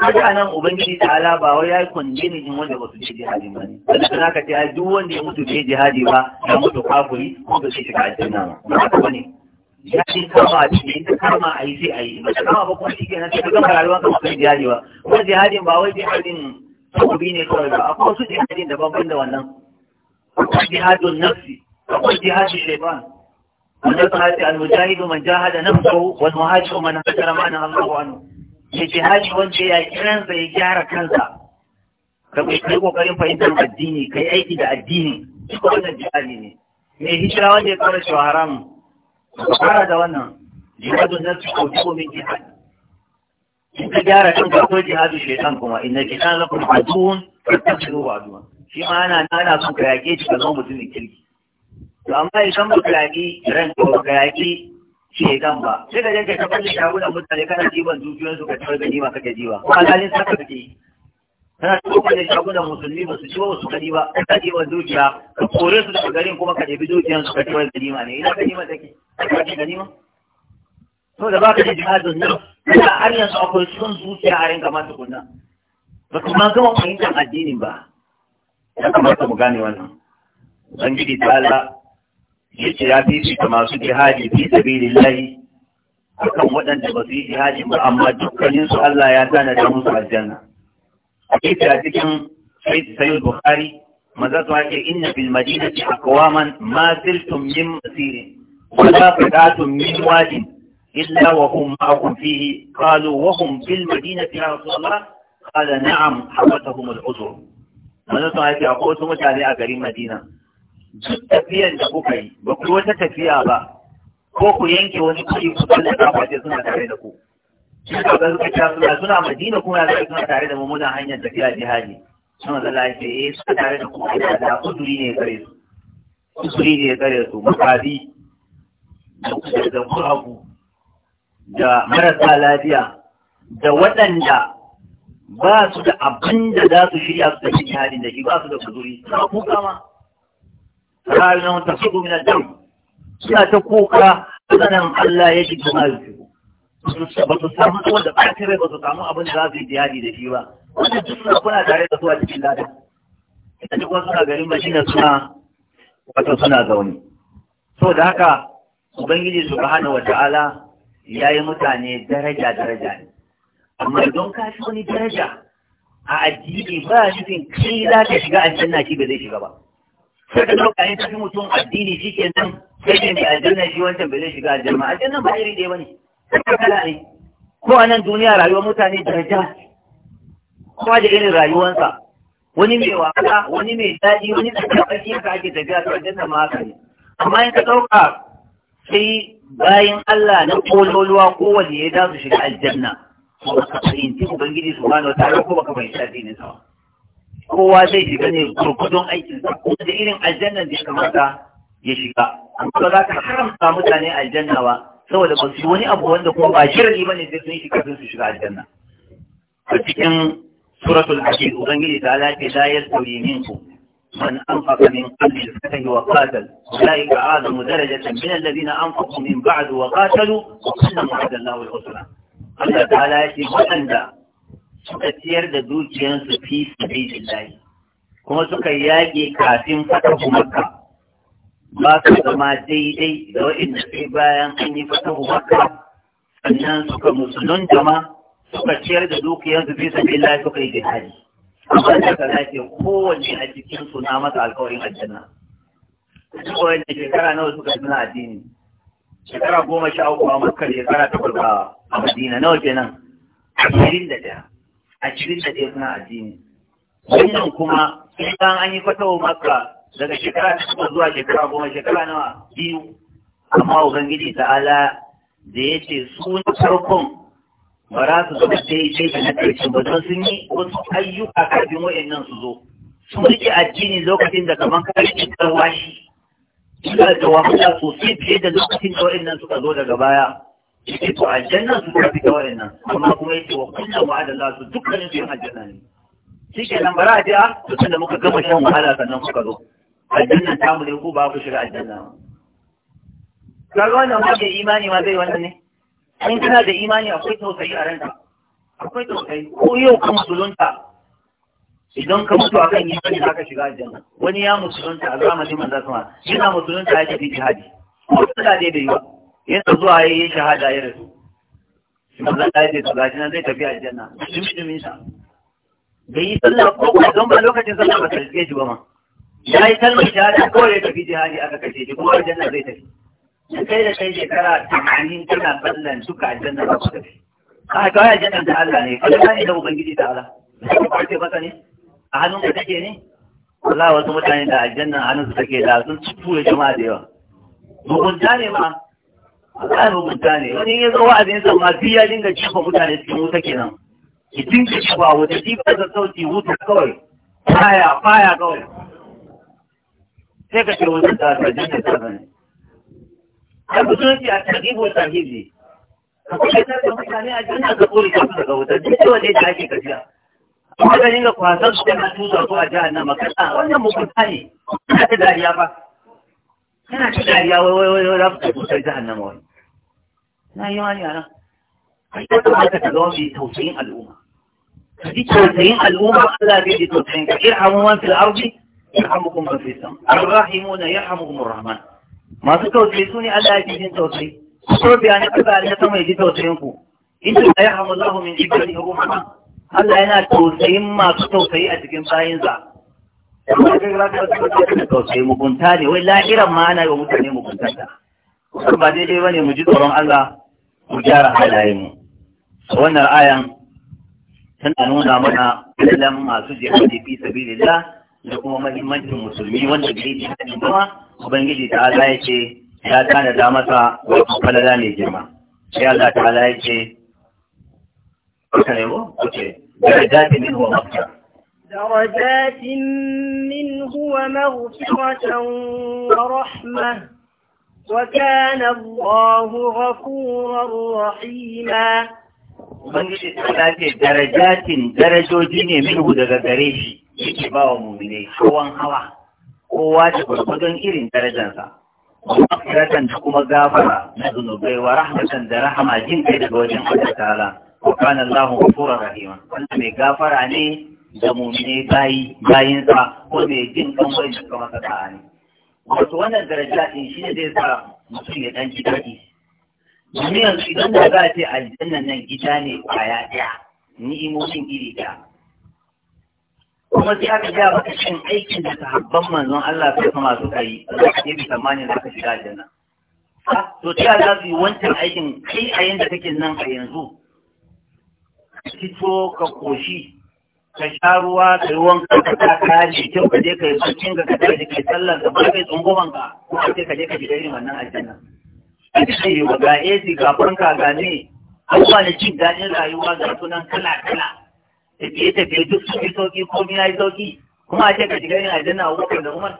Kaga nan Ubangiji ta ala ba wai kwanje ne in wanda ba su je jihadi ba ne. suna ka ce ai duk wanda ya mutu ce jihadi ba ya mutu kafuri ko ba shi shiga aljanna ba. Ba haka bane. Ya ce kama a cikin ta kama a yi sai a yi. Ba ta kama ba kuma shi nan sai ka gama rayuwa kama kai jihadi ba. Kuma jihadin ba wai jihadin takobi ne kawai ba. Akwai wasu jihadin daban da wannan. Akwai jihadin nafsi. Akwai jihadin shaitan. Wanda ta ce al-mujahidu man jahada nafsuhu wal muhajiru man hajara ma'ana Allahu anhu. ya Haji wanda ya kiransa ya gyara kansa ka mai kai kokarin fahimtar addini kai aiki da addini duk wannan jihadi ne mai hijira wanda ya kara shi haram ka fara da wannan jihadun nasu ko duk min jihadi in ka gyara kan ko jihadu shaitan kuma inna adun ka aduwwun fattakhidhuhu adun shi ma ana ana son ka yake shi ka zama mutumin kirki to amma idan ba ka yaki ran ko ka yake shegan ba sai ka janka kafar da shagunan mutane kana jiban dukiyoyinsu ka tawar ganima kake jiba ko alhalin saka kake yi kana tsokan da shagunan musulmi ba su ci ba su gani ba ka jiban dukiya ka kore su daga garin kuma ka ɗebi dukiyansu ka tawar ma ne ina ma take ka ji ganima to da baka da jihadin nan kuma har yanzu akwai son zuciya a yanka masu kunna ba su ma gama fahimtar addinin ba ya kamata mu gane wannan ubangiji ta yace ya fifita masu jihadi fi sabilillahi akan waɗanda ba su yi jihadi ba amma dukkanin su Allah ya tana da musu aljanna hadisi a cikin sahih bukhari maza su ake inna fil madinati aqwaman ma ziltum yin masirin wala tun yin wadin illa wa hum ma'akum fihi qalu wa hum bil madinati ya rasulullah qala na'am hawathahum al-uzur maza su ake akwai wasu mutane a garin madina duk tafiyar da kuka yi ba ku wata tafiya ba ko ku yanke wani kuɗi ku tsalla ta kwace suna tare da ku shi ka ga suka ta suna suna madina kuma ya suna tare da mummunan hanyar tafiya jihadi suna zala ya ce eh suka tare da ku da da kuduri ne ya kare su kuduri ne ya kare su makabi da da kurabu da marasa lafiya da waɗanda ba su da abin da za su shirya su tafi jihadin da shi ba su da kuduri suna kuka ma قالوا تصب ta kuka سيأتكوك أنا ألا يجد ما يجب ba su samu tsohon da ta rai ba su samu abin da za su yi jihadi da shi ba wanda duk suna kuna tare da su cikin lada ita duk wasu suna garin na suna wato suna zaune so da haka ubangiji subhanahu wata'ala ya yi mutane daraja daraja ne amma don ka shi wani daraja a addini ba nufin kai za ka shiga a aljanna shi ba zai shiga ba sai ka ɗauka yin tafi mutum addini shi ke nan sai ne mai aljanna shi wancan bai zai shiga aljanna aljanna ba iri ɗaya bane sai kala ne ko a nan duniya rayuwar mutane daraja kuma da irin rayuwarsa wani mai wahala wani mai daɗi wani tsakatsaki haka ake tafiya to aljanna ma haka ne amma in ka ɗauka sai bayan Allah na kololuwa kowane ya da su shiga aljanna ba ka fahimci ubangiji subhanahu wa ta'ala ko baka fahimci addinin sa ba kowa zai shiga ne gurgudun kuma da irin aljannan da ya kamata ya shiga amma za ka haramta mutane aljanna ba saboda ba su wani abu wanda kuma ba shirari ba ne zai sun shiga sun shiga aljanna a cikin suratul hakim ubangiji ta alaƙi da ya sauri min ku man anfaqa min qalbi fatahi wa qatal ulaika azamu darajatan min alladhina anfaqu min ba'd wa qatalu wa kullu ma'adallahu al-husna Allah ta'ala ya ce waɗanda suka ciyar da dukiyansu fi sabilillahi kuma suka yage kafin fatahu makka ba su zama daidai da waɗanda sai bayan an yi fatahu makka sannan suka musulun jama suka ciyar da dukiyansu fi sabilillahi suka yi jihadi amma da ka lafi kowanne a cikin su na masa alkawarin aljanna kowanne shekara nawa suka suna addini shekara goma sha uku a makka shekara takwas a madina nawa kenan ashirin da ɗaya A cikin da na addini wannan kuma in an yi fatawa maka daga shekara ta suka zuwa shekara goma shekara nawa biyu amma ubangiji ta'ala da ya ce sun farkon ba za su zama ce da na ba don sun yi wasu ayyuka kafin wa'annan su zo sun rike addini lokacin da kamar karshen karwashi suna da wahala sosai fiye da lokacin da wa'annan suka zo daga baya yake aljanna su ta fita wayannan amma kuma yake wa kullum wa'ada Allah su dukkanin su yin aljanna ne shi ke nan bara da to tunda muka gama shan wahala sannan kuka zo aljanna ta mu ne ko ba ku shiga aljanna kaga wannan ma bai imani ma zai wannan ne in kana da imani akwai tausayi a ranka akwai tausayi ko yau ka musulunta idan ka mutu akan imani za ka shiga aljanna wani ya musulunta a zamanin manzo ma. yana musulunta ya tafi jihadi ko tsada dai bai yiwa. yana zuwa ya yi shahada ya rasu Allah ya ce gashi nan zai tafi aljanna mutumin sa bai yi sallah ko kuma don ba lokacin sallah ba sarke shi ba ma ya yi kalmar shahada ko ya tafi jihadi aka kashe shi kuma janna zai tafi in kai da kai shekara tamanin tana sallan duka janna ba ku tafi a kawai aljanna ta Allah ne kai ka ne da ubangiji ta Allah ko ce masa ne a hannun ka take ne Allah wasu mutane da aljanna hannun su take da sun tura jama'a da yawa mugunta ne ma Allah mugunta ne wani ya zo wa'azin sa ma ya dinga jefa mutane cikin wuta kenan ki dinga jefa wuta ki ba ta sauti wuta kawai faya faya kawai sai ka ce wuta ta ta dinga ta ne a musulunci a tarhibu wa tarhibi a kuma ta da mutane a jinna ka kore ka ga wuta duk da wanda ya ake gajiya kuma ka dinga kwasar su kana tusa ko a jihar nan makasa wannan mugunta ne ta dariya ba kana ta dariya wai wai wai za ku tafi sai jahannama wai na yi wani yaran ai ta kamata ka zama mai tausayin al'umma ka ji tausayin al'umma Allah zai ji tausayin ka irhamu man fil ardi yarhamukum man fis sama arrahimuna yarhamukum arrahman masu tausayi su ne Allah ya ji tausayi ko biya ne kaza Allah sama ya ji tausayin ku in ta yarhamu Allah min ibadihi rahman Allah yana tausayin masu tausayi a cikin bayinsa amma kai za ka rasa da tausayi mugunta ne wai lahiran ma ana yi wa mutane muguntarta kuma ba daidai ba ne mu ji tsoron Allah mu gyara halayenmu wannan ayan tana nuna mana kallon masu jihadi fi sabilillah da kuma mahimmancin musulmi wanda bai ji hadin kuma ubangiji ta Allah ya ce ya tana da masa wato falala mai girma sai Allah ta Allah ya ce kuka ne ko kuke da dadi min wa mafiya درجات منه ومغفرة ورحمة وكان الله غفورا رحيما درجات درجوجين منه دغغريشي yake ba wa mummune hawan hawa kowa da gwargwadon irin darajansa mafiratan da kuma gafara na zunubai wa rahmatan da rahama jin kai daga wajen Allah ta'ala wa kana Allahu ghafurur wanda mai gafara ne da mummi bayi sa ko mai jin kan wani da kama kasa ne wato wannan daraja din shi ne zai sa mutum ya dan ji daɗi domin yanzu idan da za a ce aljannan nan gida ne kwaya ɗaya ni'imomin iri ɗaya kuma sai aka gaya maka cin aikin da sahabban manzon Allah sai kuma su kai za ka yi tsammanin za ka shiga aljanna to ta za su yi wancan aikin kai a yanda kake nan a yanzu fito ka koshi ka sha ruwa ka yi wanka ka ta kaji kyau ka je ka yi bakin ga ka tashi ka yi sallar ka ba kai tsungumar ka a ce ka je ka shiga irin wannan aljanna ce yi ga AC ga fanka ga ne abubuwa da cin daɗin rayuwa ga sunan kala kala tafiye tafiye duk sun yi sauki komai ya yi sauƙi. kuma a ce ka shiga irin aljanna a wurin da umar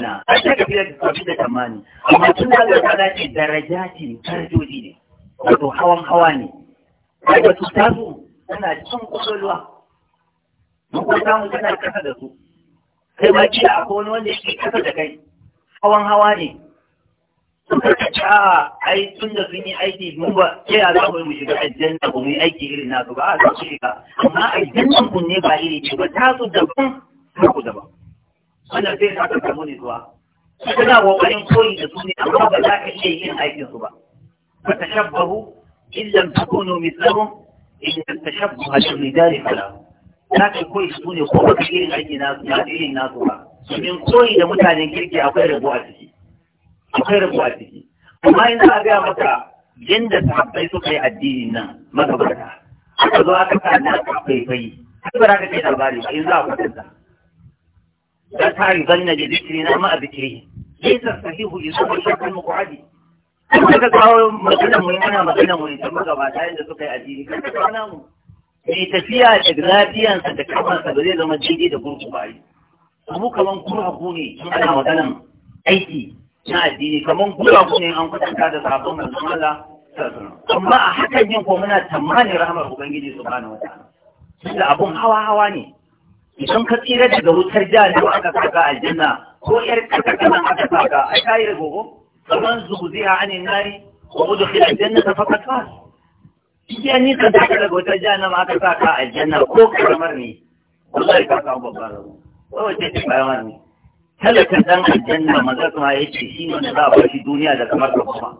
na a ce ka fiye da da tamani amma tun da ka dace daraja ce darajoji ne wato hawan hawa ne wato tasu tana cin kusurwa mun ko samu kana kasa da su kai ma kila akwai wani wanda yake kasa da kai hawan hawa ne suka ce a ai tun da sun yi aiki mun ba ke a zamu mu shiga aljanna da mu yi aiki irin nasu ba a za su shiga amma aljannan kun ne ba iri ce ba ta su ba ku daban wanda sai za ka samu ne zuwa kuna kokarin koyi da su ne amma ba za ka iya yin aikin su ba fa tashabbahu in lam takunu mithlahum in tashabbaha bi rijali falahu za ka koyi su ne ko baka irin aiki nasu na irin nasu ba domin koyi da mutanen kirki akwai rabo a ciki akwai rabo a ciki amma in za a gaya maka yadda sahabbai suka yi addini nan magabata aka zo aka sa na kwaikwayi har ba za ka kai labari ba in za a kwatanta dan tari zanna da zikiri na ma a zikiri laisa sahihu isu ba shakkan muqadi kuma ka kawo magana mu yi mana magana mu ne ta magabata yadda suka yi addini kan ka kwana mu. mai tafiya da lafiyansa da kafansa ba zai zama daidai da gurgu ba abu kaman guragu ne ana maganan aiki na addini kaman guragu ne an kwatanta da sabon manzon amma a hakan yin ko muna tamanin rahmar ubangiji subhanahu wataala da abun hawa hawa ne idan ka tsira daga wutar jahannama aka saka aljanna ko yar kaka kana aka saka ai kai gogo kaman zuhziha anin nari wa udkhila aljanna faqad faz iya ni ka daga daga wata jahannama aka sa ka aljanna ko karamar ne wallahi ka samu babban rabo ko wace ce karamar ne talaka dan aljanna maza kuma ya ce shi ne za a bashi duniya da kamar da koma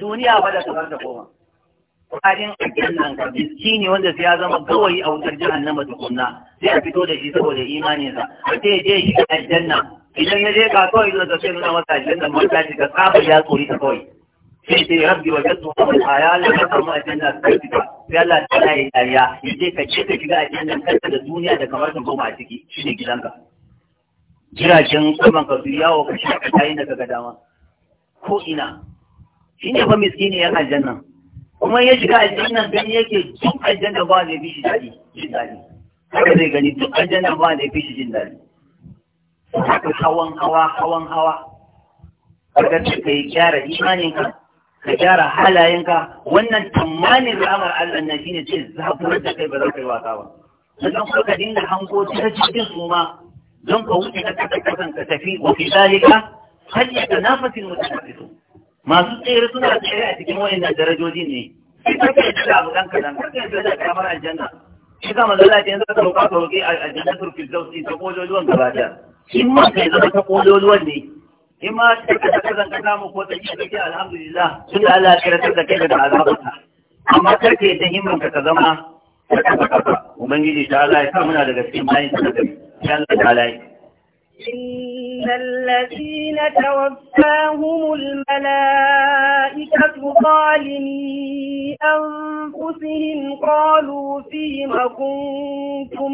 duniya ba da kamar da koma kwarin aljannan ka shi ne wanda sai ya zama gawayi a wutar jahannama tukunna sai a fito da shi saboda imaninsa a ce je shi aljanna idan ya je ka kawai zuwa sai nuna masa aljanna mata shi ka tsafa ya tsori ta kawai sai dai rabbi wa jaddu qabl hayala ka samu aljanna ka fita sai Allah ta yi dariya yace ka ce ka shiga aljanna kanka da duniya da kamar kan goma a ciki shine gidanka jiragen saman ka su yawo ka shaka tayi da kaga dama ko ina shine fa miskini yan aljanna kuma ya shiga aljanna dan yake duk aljanna ba zai bi shi dadi jin dadi haka zai gani duk aljanna ba zai bi shi jin dadi haka hawan hawa hawan hawa kaga ce kai kyara imanin ka ka gyara halayenka wannan tamanin ramar Allah na shine ce zaburar da kai ba za ka yi wasa ba sannan kuma ka dinga hango ta cikin su ma don ka wuce ka kasa kasan ka tafi wa fi zalika har ya ka nafasin mutum masu tsere suna tsere a cikin wayannan darajoji ne sai ka kai da abu dan kadan ka kai da kamar aljanna shi ka manzo Allah yanzu ka roƙa ka roƙi aljannatul firdausi ta kojojin gaba da shi ma kai zama ta kojojin ne in ma ta ka kazan ka samu ko ta kike kike alhamdulillah sun da Allah ya da kai daga azabarka amma karke da himman ka zama ubangiji ta Allah ya sa muna daga cikin bayin da kai Allah ta Allah إن الذين توفاهم الملائكة ظالمي أنفسهم قالوا فيم كنتم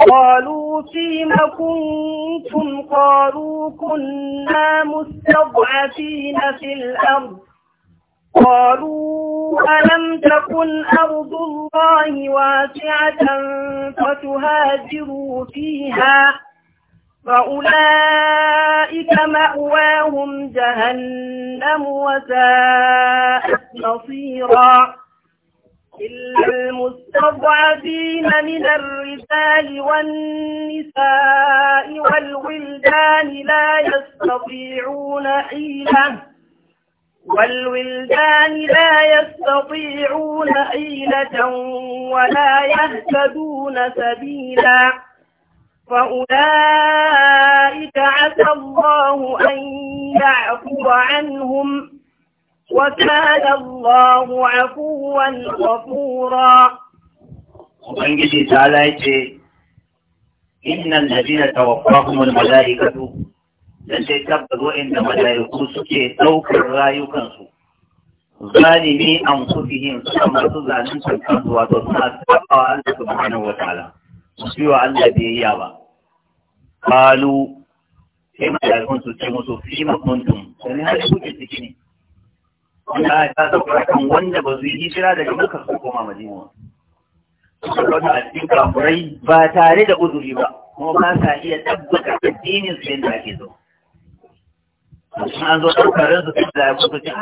قالوا فيم كنتم قالوا كنا مستضعفين في الأرض قالوا ألم تكن أرض الله واسعة فتهاجروا فيها فأولئك مأواهم جهنم وساءت مصيرا إلا المستضعفين من الرجال والنساء والولدان لا يستطيعون حيلة والولدان لا يستطيعون حيلة ولا يهتدون سبيلا فأولئك عسى الله أن يعفو عنهم Wasu da Zuhu a kowanne ƙwaƙura. Mugan ta lafiya. In nan na daina da waƙoƙin wani mallakatu. Dandai tabbas waɗanda matayarku suke ɗaukar rayukansu. Zan yi mi'anku fihin, ko masu zanen tsakanin su wato suna taɓawa al'adun su da wani wata. Mun fi yawa Allah be ya yi hawa. Kalu sai matayarkinsu ce mu fi makuntun. Da har yau kuke ciki wanda ta sauka kan wanda ba su hijira daga makka su koma madina suka zauna a cikin kafurai ba tare da uzuri ba kuma ba sa iya tabbata addinin su yadda ake zo sun an zo ɗaukarin su sun zaya kusa ce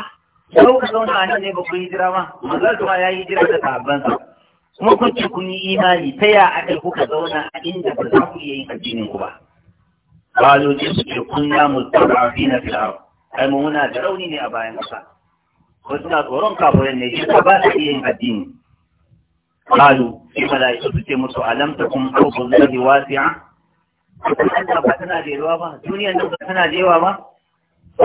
sau ah, ka zauna a nan ne ba ku hijira ba maza su ya yi hijira da sa, kuma kun ce kun yi imani ta ya aka kuka zauna a inda ba za ku iya yin addinin ku ba ƙwalojin su ce kun ya mutu ba fi na fil'ar kai mu muna da rauni ne a bayan ƙasa wasu na tsoron kafirin ne shi ba su iya yin addini qalu sai mala'iku su ce musu alam takum ardu llahi wasi'a Allah ba tana da yawa ba duniyar nan ba tana da yawa ba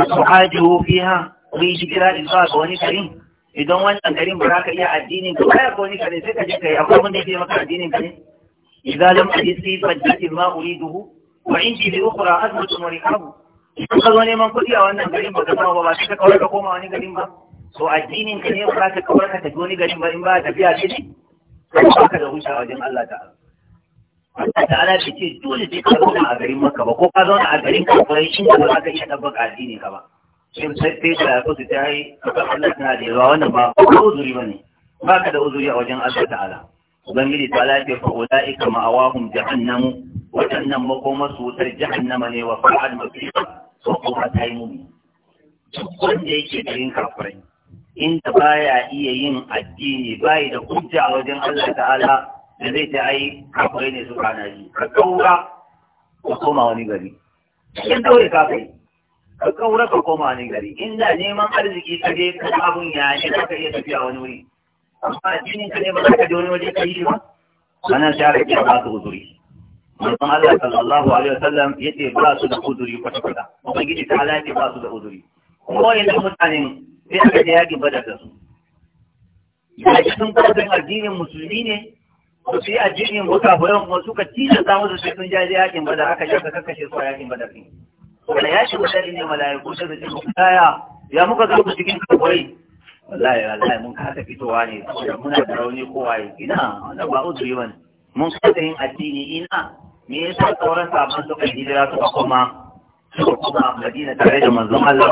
su hajiru ha? ku yi hijira in ba ga wani garin idan wannan garin ba za ka iya addinin ka baya ga wani garin sai ka je ka yi akwai wanda zai maka addinin ka ne idza lam ajisi fajjati ma uriduhu wa inji bi ukhra azmatun wa rihabu ka zo neman kuɗi a wannan garin ba ka zama ba ba sai ka kawai ka koma wani garin ba to addinin ka ne ba ka kawar ka ta wani garin ba in ba tafiya ce ne ba ka da hujja wajen Allah ta'ala Allah ta'ala bai ce dole sai ka zauna a garin maka ba ko ka zauna a garin ka kurai shi ka ba ka iya tabbaka addini ka ba shin sai sai ka ko su ta yi ka Allah tana da yawa wannan ba ko uzuri bane ba ka da uzuri a wajen Allah ta'ala ubangiji ta ce fa ulaika ma'awahum jahannamu waɗannan makomar masu wutar jahannama ne wa fa'al mafi wa kuma ta yi mumi duk wanda yake garin kafirai inda baya iya yin addini bai da hujja wajen Allah ta'ala da zai ta ai kafirai ne su kana shi ka kaura ka koma wani gari in ka kai. ka kaura ka koma wani gari inda neman arziki ka je ka abun ya ne za ka iya tafiya wani wuri amma addinin ka ne ba ka je wani waje ka yi shi ba wannan ta rage ba su uzuri manzon Allah sallallahu alaihi wasallam yace ba su da uzuri kwata kwata ubangiji ta halaki ba su da uzuri ko yana mutanen sai aka je yaƙin badar da su yaƙi sun kawo addinin musulmi ne ba su yi addinin wata furen kuma suka tilasta musu sai sun jaje yaƙin badar aka shaka kakashe su a yaƙin badar ne wanda yaƙi badar ne mala'iku sai su ce muku kaya ya muka zo ku cikin kawai wallahi wallahi mun kasa fitowa ne muna da rauni kowa yi ina wanda ba uzuri wani? mun kasa yin addini ina me ya sa sauran sabon suka hijira suka koma suka koma madina tare da manzon Allah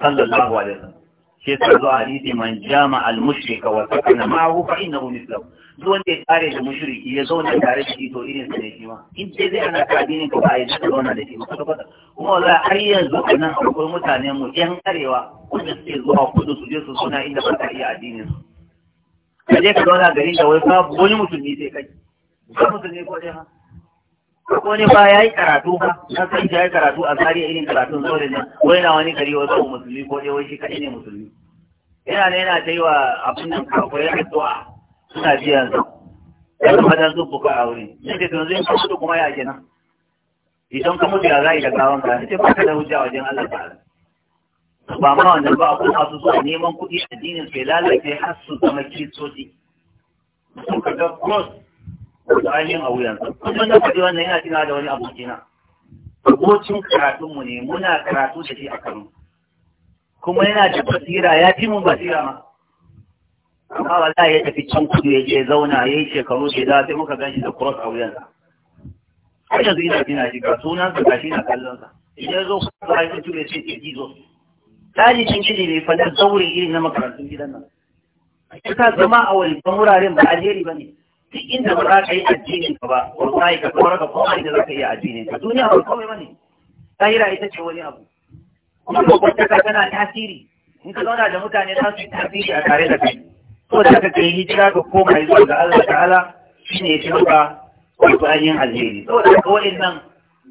sallallahu alaihi wasallam shi yasa zuwa hadisi man jama al mushrika wa sakana ma hu fa innahu mithluhu duk wanda ya da mushriki ya zauna tare da shi to irin sa ne shi in dai zai ana ka dinin ka ba ya zauna da shi ba kwata kuma wala har yanzu nan akwai mutane mu yan arewa wanda suke zuwa kudu su je su suna inda ba ta iya addinin su ka je ka zauna garin da wai babu wani mutum ne sai kai ba mutum ne ko dai ha wani ba ya yi karatu ba na san ya yi karatu a zariya irin karatun zorin nan ko yana wani gari wasu musulmi ko dai wai shi kaɗai ne musulmi yana ne yana ta yi wa abin nan kakwai ya addu'a suna biyan su. ya zama dan su buka a wuri sai da tunzu in ka mutu kuma ya kenan idan ka mutu ya za yi da gawan ka ce ba ka da hujja wajen Allah ta'ala ba ma wannan ba akwai masu zuwa neman kuɗi addinin sai lalace har su zama kiristoci sun ka ga cross da ainihin a wuyansa kuma na faɗi wannan yana tuna da wani abokina abocin karatunmu ne muna karatu da shi a kano kuma yana da basira ya fi mun basira ma amma wallahi ya tafi can kudu ya je zauna ya yi shekaru ke za sai muka ganshi da cross a wuyansa har yanzu ina tuna shi ga sunansa ga shi na kallonsa idan zo ku ba shi tuwe sai ke gizo talibin ilimi fa na zaure irin na makarantun gidan nan ka zama a wani ban wuraren ba a jeri ba ne duk inda ba za ka yi addinin ka ba wallahi ka kawar ka koma inda za ka yi addinin ka duniya ba kawai bane tahira ita ce wani abu kuma kwakwataka tana tasiri in ka zauna da mutane za su yi tasiri a tare da kai ko da ka kai hijira ka koma zuwa ga Allah ta'ala shi ne ya fi maka wato ainihin alheri saboda haka waɗannan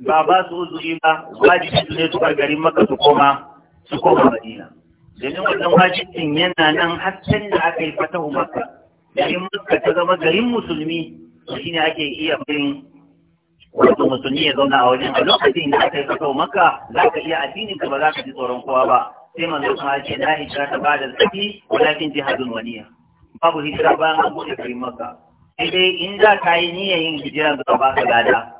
ba ba su uzuri ba wajibi su ne su bar garin maka su koma su koma madina domin wannan wajibin yana nan har da aka yi fatahu maka yayin Makka ta zama garin musulmi shi ne ake iya bin wato musulmi ya zauna a wajen a lokacin da aka yi kasau maka. za ka iya addinin ka ba za ka ji tsoron kowa ba sai manzo kuma ce na hijira ta ba da zaki walakin jihadun waniya babu hijira bayan an buɗe garin maka. sai dai in za ka yi niyyar yin hijira ga ba ka gada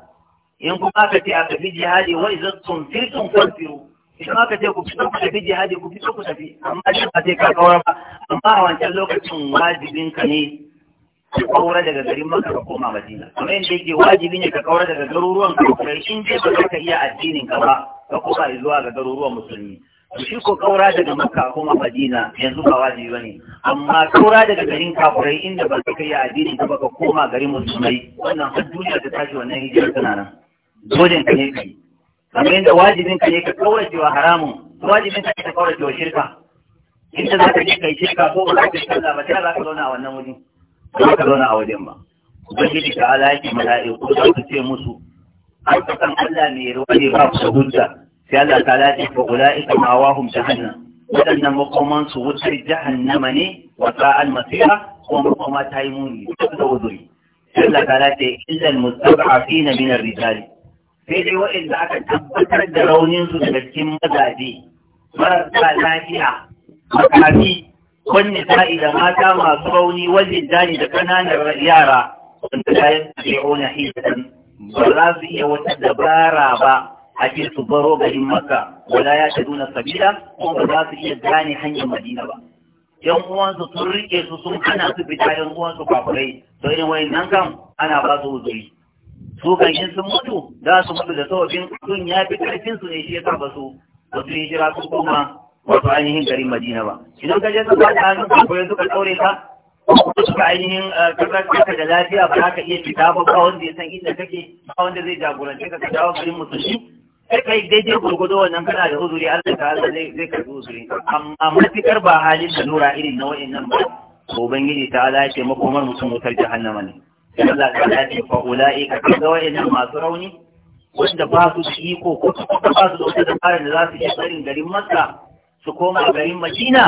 in kuma ka ce aka bi jihadi wai zan sun firtun farfiru idan aka ce ku fito ku tafi jihadi ku fito ku tafi amma shi ba sai ka kawar ba amma a wancan lokacin wajibin ka ne ka kawar daga garin maka ka koma madina kamar yadda yake wajibi ne ka kawar daga garuruwan ka kuma in dai ba ka iya addinin ka ba ka koma zuwa ga garuruwan musulmi shi ko kaura daga maka kuma madina yanzu ba wajibi bane amma kaura daga garin kafurai inda ba ka kai addini ka baka koma garin musulmai wannan har duniya ta tashi wannan hijira tana nan dole ne kai kamar yadda wajibin ka ne ka kaurace wa haramun wajibin ka ne ka kaurace wa shirka inda za ka je yi shirka ko ba za ka shirka ba Ta za ka zauna a wannan wajen ba ka zauna a wajen ba ubangiji ta ala yake mala'iku za su ce musu an ka san Allah ne ruwa ne ba ku da hujja sai Allah ta ala ce fa ula'ika ma hum jahannam waɗannan makoman su wutar jahannama ne wa sa'al masira ko makoma ta yi muni da uzuri sai Allah ta ala ce illal mustabaafina min ar-rijali sai dai waɗanda aka tabbatar da rauninsu da cikin mazaje marasa lafiya makafi wani fa'ida, da mata masu rauni wajen jani da ƙananan yara wanda ta yi tsirona hidan ba za su iya wata dabara ba a ke su baro garin maka wala ya ta nuna sabila ko ba za su iya gane hanyar madina ba yan uwansu sun rike su sun hana su fita yan uwansu kwakurai to irin wayan nan kam ana ba su uzuri su kan in sun mutu za su mutu da sababin sun ya fi karfin su ne shi ya saba su ba su yi jira su koma wato ainihin garin Madina ba idan ka je ka fada hannun ka koyo suka tsore ka ko suka ainihin kasar eh, kasa da lafiya ba za ka iya fita ba ba wanda ya san inda kake ba wanda zai jagorance ka ka dawo garin musulmi sai kai daidai gurgudo wannan kana da huzuri Allah ta Allah zai zai karbi uzuri amma matukar ba halin da nura irin na wa'annan ba ubangiji ta Allah ya ce makomar mutum wutar jahannama ne Allah ta dace fa ulaika kaga wa'annan masu rauni wanda ba su da iko ko ba su da wata dabarar da za su yi tsarin garin masa su koma garin makina,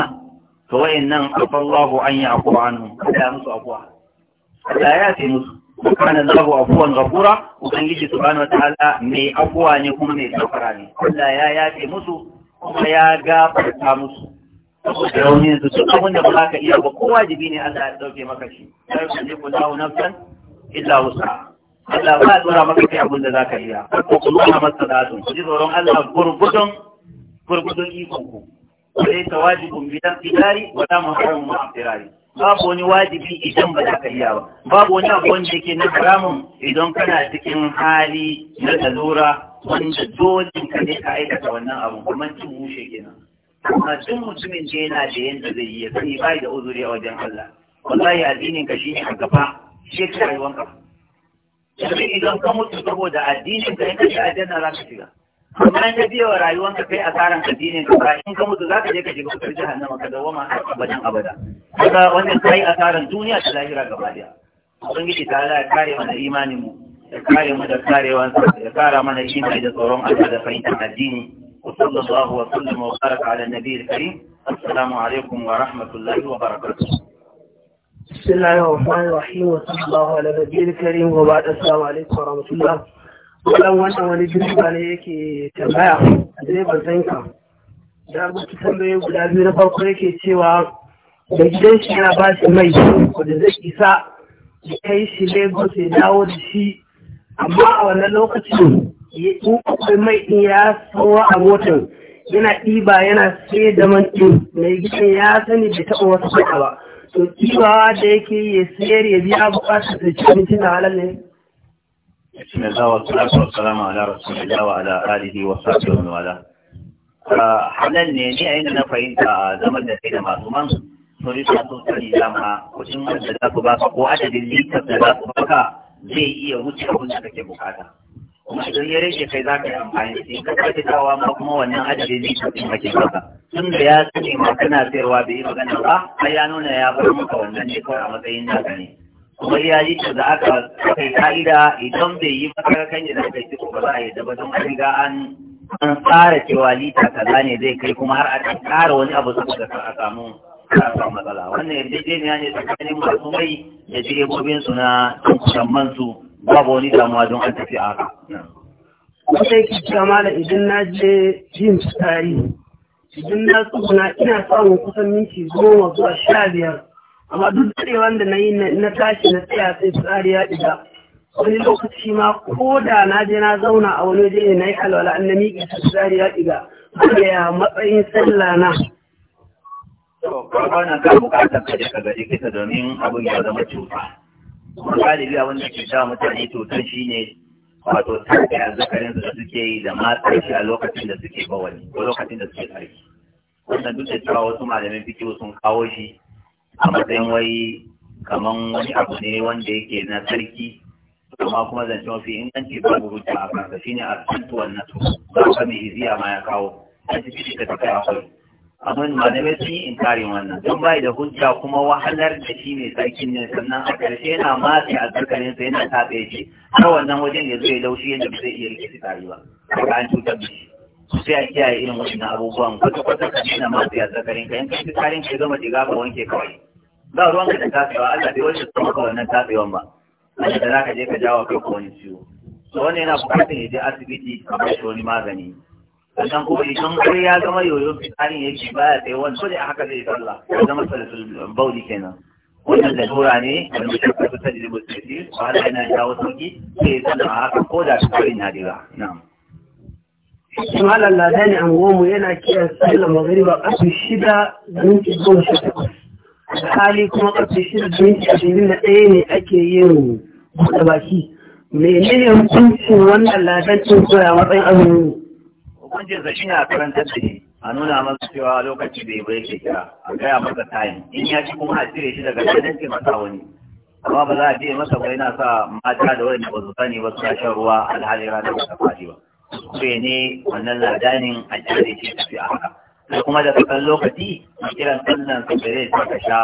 to wa'annan afallahu an ya afu anhu kada musu afuwa Allah ya ce musu kana Allahu afuwan ghafura ubangiji subhanahu wataala mai afuwa ne kuma mai gafara ne Allah ya yafe musu kuma ya gafarta musu saboda raunin su duk abin da ba ka iya ba ko wajibi ne Allah ya dauke maka shi sai ka ji kullahu nafsan illa wusa Allah ba a tsora maka kai abin da za ka iya ko kuma a masa dadin ku ji tsoron Allah gurgudun gurgudun ikon ku sai ta wajibin bidan fitari wa da muharram ma firari babu wani wajibi idan ba za ka iya ba babu wani abu wanda yake na haramun idan kana cikin hali na lalura wanda dole ka ne ka aikata wannan abu Kuma cin mushe kenan amma duk mutumin da yana da yanda zai yi ya sani bai da uzuri a wajen Allah wallahi addinin ka ne a gaba shi yake rayuwanka yanzu idan ka mutu saboda addinin ka in ka shiga aljanna za ka shiga amma in ka biya wa rayuwanka kai asaran addinin ka in ka mutu za ka je ka shiga wutar jahannama ka dawama har abadan abada kaga wannan kai asaran duniya ta lahira gaba daya ubangiji ta Allah ya kare mana imanin mu ya kare mu da karewansa ya kara mana imani da tsoron Allah da fahimtar addini وصلى الله وسلم وبارك على النبي الكريم السلام عليكم ورحمة الله وبركاته بسم الله الرحمن الرحيم وصلى الله wannan wani direba ne yake tambaya direban zanka da rubuta tambayoyi guda biyu na farko yake cewa da gidan shi yana bashi mai da zai isa ya kai shi Legas ya dawo da shi amma a wannan lokacin in akwai mai ɗin ya tsawa a motar yana ɗiba yana sai da man ɗin mai gidan ya sani bai taɓa wasu kuɗa ba to kiwa da yake ya siyar ya biya bukatar da ci abinci na halal ne بسم الله والصلاة والسلام على رسول الله وعلى آله وصحبه ومن والاه halal ne ni a yadda na fahimta a zaman da kai da masu man sori sa so tsari dama kucin wanda za ku baka ko adadin litar da za ku baka zai iya wuce abin da kake bukata kuma idan ya rage kai za ka yi amfani da shi ka sake dawa ma kuma wannan adadin ne ka tsima ke ba tun da ya sani ma kana sayarwa bai yi magana ba ai ya nuna ya bar maka wannan ne kawai a matsayin naka ne kuma ya yi ta da aka kai ka'ida idan bai yi yi da aka yi ko ba za a yi da ba don an riga an an tsara cewa lita kaza ne zai kai kuma har a tsara wani abu saboda kar a samu karfa matsala wannan yarjejeniya ne tsakanin masu mai da direbobinsu na kusan mansu babu wani damuwa don an tafi a haka wata yake cewa da idan na je yin tsari idan na tsuguna ina samun kusan minti goma zuwa sha biyar amma duk daɗewan wanda na yi na tashi na tsaya sai tsari ya ɗiga wani lokaci ma ko da na je na zauna a wani waje na yi alwala an na miƙe tsari ya ɗiga wanda ya matsayin sallah na. To, na bana ka bukatar ka je ka ga likita domin abin ya zama cuta. galibi abin da ke sa mutane cutar shi ne wato tafiya zakarin da suke yi da matar shi a lokacin da suke bawani ko lokacin da suke tsarki wannan duk da cewa wasu malamin fikiyo sun kawo shi a matsayin wai kaman wani abu ne wanda yake na sarki amma kuma zance mafi inganci babu hujja a kansa shine a tuntuwan nasu ba ka mai iziya ma ya kawo a cikin ka tafiya kawai abin da sun yi inkarin wannan don bai da hujja kuma wahalar da shi ne sarkin ne sannan a ƙarshe yana mace a tsakanin sa yana tafe shi a wannan wajen ya zai laushi yadda ba zai iya rike tare ba daga an cutar da shi sai a kiyaye irin wannan abubuwan kwata kwata ka na mace a tsakanin ka yanka fitarin ka gama shiga ka wanke kawai ba ruwan ka da tasewa Allah bai wasu sun ka wannan tasewan ba a da za ka je ka jawo kai ko wani ciwo to wannan yana buƙatar ya je asibiti a bashi wani magani wannan kuma idan har ya zama ya fitsarin yake baya tsaye wani dole a haka zai sallah ya zama salatul bauli kenan wannan tura ne wanda ta kasu ta jirgin musulmi ba har yana jawo sauki sai ya sallah a haka ko da fitsarin na dira na'am Malam Ladani Angomu yana kiran sallar magariba ƙarfe shida da minti goma sha takwas. Hali kuma ƙarfe shida da minti ashirin da ɗaya ne ake yin buɗe baki. Menene hukuncin wannan ladan cin soya matsayin azumi hukuncin shi na a karantar da shi a nuna masa cewa lokaci bai bai ke kira a gaya masa tayin in ya ci kuma a cire shi daga ganin ke masa wani amma ba za a ce masa wai na sa mata da wani ba sani ba suna shan ruwa alhali ranar ba ta faɗi kuskure ne wannan ladanin a cire shi tafi a haka da kuma da kasan lokaci a kiran sannan su zai saka sha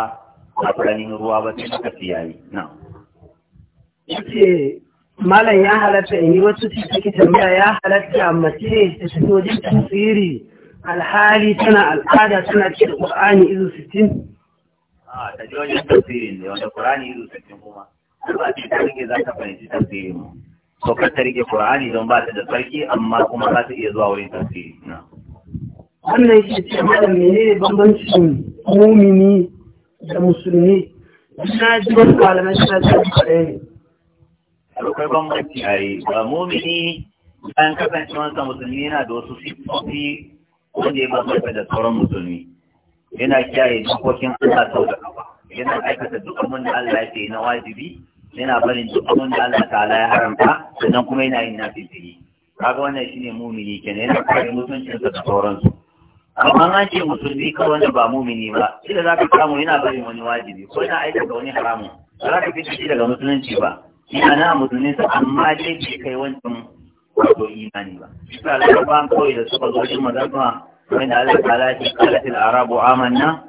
a ruwa ba sai suka fi na. malam ya halatta in yi wasu cikin tambaya ya halatta mace ta tafi wajen tasiri alhali tana al'ada tana ce da ƙur'ani izu sittin? a ah, ta ji wajen tasirin ne wanda ƙur'ani izu sittin kuma ba ce ta rike za ta fahimci tasirin mu so kar ta rike ƙur'ani don ba ta da sarki amma kuma za ta iya zuwa wurin tasiri wannan shi ce malam ne bambancin mumini da musulmi na ji wasu malamai suna cikin ɗaya ne akwai bambanci a yi ba mumini bayan wansa musulmi yana da wasu sifofi wanda ya bambanta da sauran musulmi yana kiyaye dokokin Allah sau da kafa yana aikata duk abin da Allah ya na wajibi yana barin duk abin da Allah ta'ala ya haramta sannan kuma yana yin nafisiri kaga wannan shine mumini kenan yana kare mutuncinsa da sauransu amma an ce musulmi kawai wanda ba mumini ba shi da za ka samu yana barin wani wajibi ko yana aikata wani haramun ba za ka fi shi daga musulunci ba yana na musulmi su amma dai ke kai wancan wato imani ba isa larabawan kawai da suka zo jin mazafa wanda Allah ta lati kalatil arabu amanna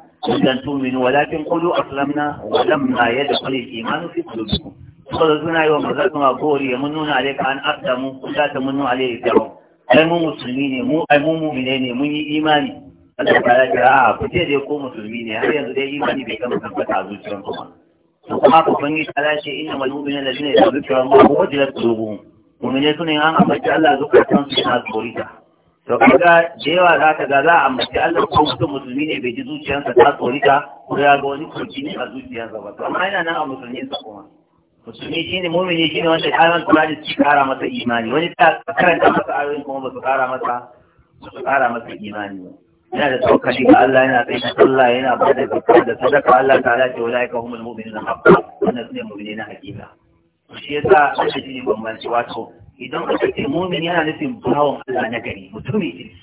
dan tuminu walakin qulu aslamna wa yadda yadkhul al-iman fi kudu Suka saboda suna yi wa mazafa ma gori ya mun nuna alaika an aslamu kun ta mun nuna alaika jawo ai mu musulmi ne mu ai mu mu'mine ne mun yi imani Allah ta lati a ku ce dai ko musulmi ne har yanzu dai imani bai kama tabbata a zuciyar kuma kuma ka bangi ta lashe inna malmumin da shine da zuciya ma ko da tsubu kuma ne sunan an ambaci Allah zukatan su na tsorita to kaga da yawa za ka ga za a ambaci Allah ko mutum musulmi ne bai ji zuciyarsa ta tsorita ko ya ga wani kurji ne a zuciyarsa ba to amma yana nan a musulmi sa kuma musulmi shine mu'mini shine wanda kayan Qur'ani su kara masa imani wani ta karanta masa ayoyin kuma ba su kara masa ba su kara masa imani ba yana da tawakkali ga Allah yana tsaye da sallah yana ba da zakka da sadaka Allah ala ce wala ka humul na haqqan wannan sune mu'mini na haƙiƙa shi sa a cikin bambanci wato idan aka ce mu'min yana nufin bawon Allah na gari mutumin kirki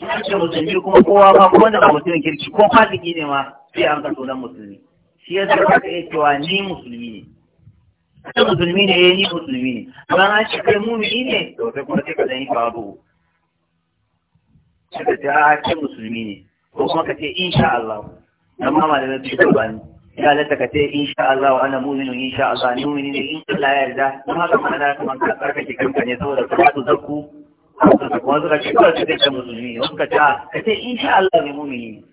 kuma ce musulmi kuma kowa ma ko da mutumin kirki ko fasiki ne ma sai an kaso sunan musulmi shi sa ka iya cewa ni musulmi ne kai musulmi ne ya eh, yi ni musulmi ne amma an ce kai mu'mini ne to sai kuma sai ka zan yi ka ce a ah, kai musulmi ne ko kuma ka ce insha Allah dan ma malamin su ba ni ya halatta ka ce insha Allah wa ana mu'minu insha Allah ni mu'mini ne insha Allah ya yarda Kuma haka ma da kuma ka tsarkake kanka ne saboda ka su zakku wasu ka ce kawai ka ce musulmi wasu ka ce ah, ka ce insha Allah ne mu'mini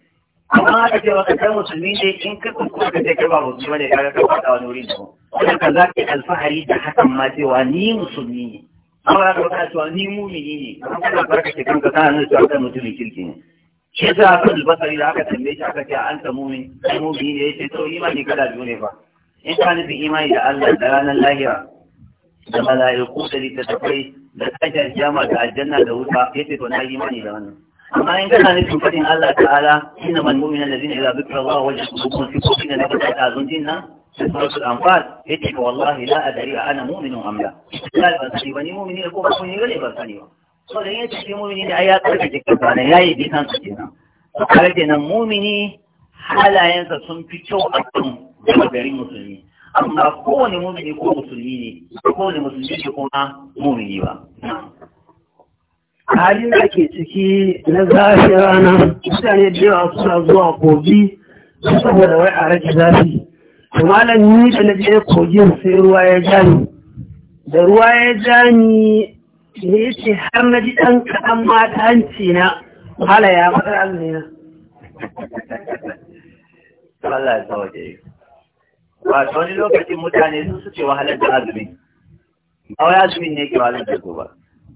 amma aka ce maka kai musulmi ne in ka kuma ka ce kai ba musulmi ne kaga ka faɗa wani wuri da mu. Wannan ka za alfahari da hakan ma cewa ni musulmi ne. amma ka ka cewa ni mumini ne kana barka ke kanka kana nan cewa kai mutumin kirki ne shi yasa akan basari da aka tambaye shi aka ce an ta mumin kai mumini ne yace to imani kada biyu ne fa in ka nufi imani da Allah da ranar lahira da mala'iku da littattafai da kajar jama da aljanna da wuta ya ce to na yi imani da wannan amma in kana nufin fadin Allah ta'ala inna man mu'mina allazina idza dhukira Allah wajhat qulubuhum fi qulubihim la ta'zun dinna suratul anfal yace ko wallahi la adri ana mu'minun am la la ban sani bani mu'mini ko ba mu'mini bane ban sani ba so da yace shi mu'mini da ayya karka jikin sa yayi bi san su kenan to kare kenan mu'mini halayensa sun fi kyau a kan garin musulmi kowane mumini ko musulmi ne kowane musulmi ba halin da ke ciki na zafi rana mutane da yawa suna zuwa kogi saboda wai a rage zafi to malam ni da na je kogin sai ruwa ya jani da ruwa ya jani ne ce har na ji ɗan kaɗan mata hanci na hala ya matsar almina Allah ya sauke ba ta wani lokacin mutane sun suke wahalar da azumi a wai azumin ne ke wahalar da gobe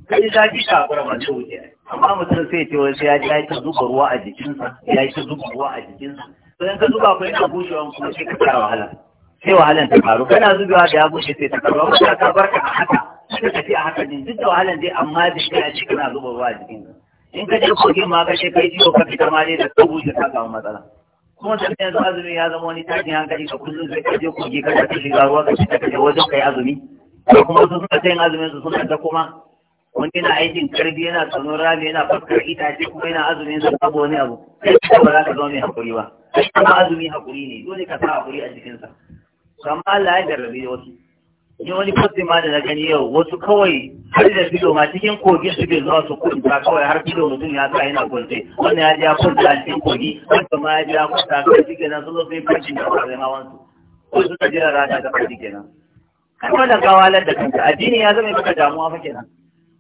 kai za ki shakura ba wuce amma mutum sai ce wasu ya ji ya ta zuba ruwa a jikinsa ya ta zuba ruwa a jikinsa to in ka zuba ko yana bushewa kuma sai ka fara wahala sai wahalan ta faru kana zubewa da ya bushe sai ta faru amma ta barka a haka sai ka tafi a haka din duk da wahalan dai amma da shi a cikin kana zuba ruwa a jikin in ka je kogin ma ka shekai jiyo ka fita ma dai da ka bushe ka samu matsala kuma da yanzu azumi ya zama wani tashin hankali ka kullum sai ka je kogi ka ta shiga ruwa ka shiga wajen kai azumi ko kuma su suka ta yin azumin su suna ta kuma wani yana aikin karbi yana tsanon rami yana ita itace kuma yana azumin sa babu wani abu sai ba za ka zama mai haƙuri ba amma azumi haƙuri ne dole ka sa haƙuri a jikinsa to amma Allah ya jarrabe wasu ni wani kwatsi ma da na gani yau wasu kawai har da filo ma cikin kogi suke zuwa su kunta kawai har filo mutum ya sa yana kwance wannan ya ji ya kunta a cikin kogi wanda ma ya ji ya kunta a shi kenan su zo sun yi da kwarai ma wansu ko ka jira rana ta kwanci kenan kan wanda kawalar da kanta addini ya zama maka damuwa fa kenan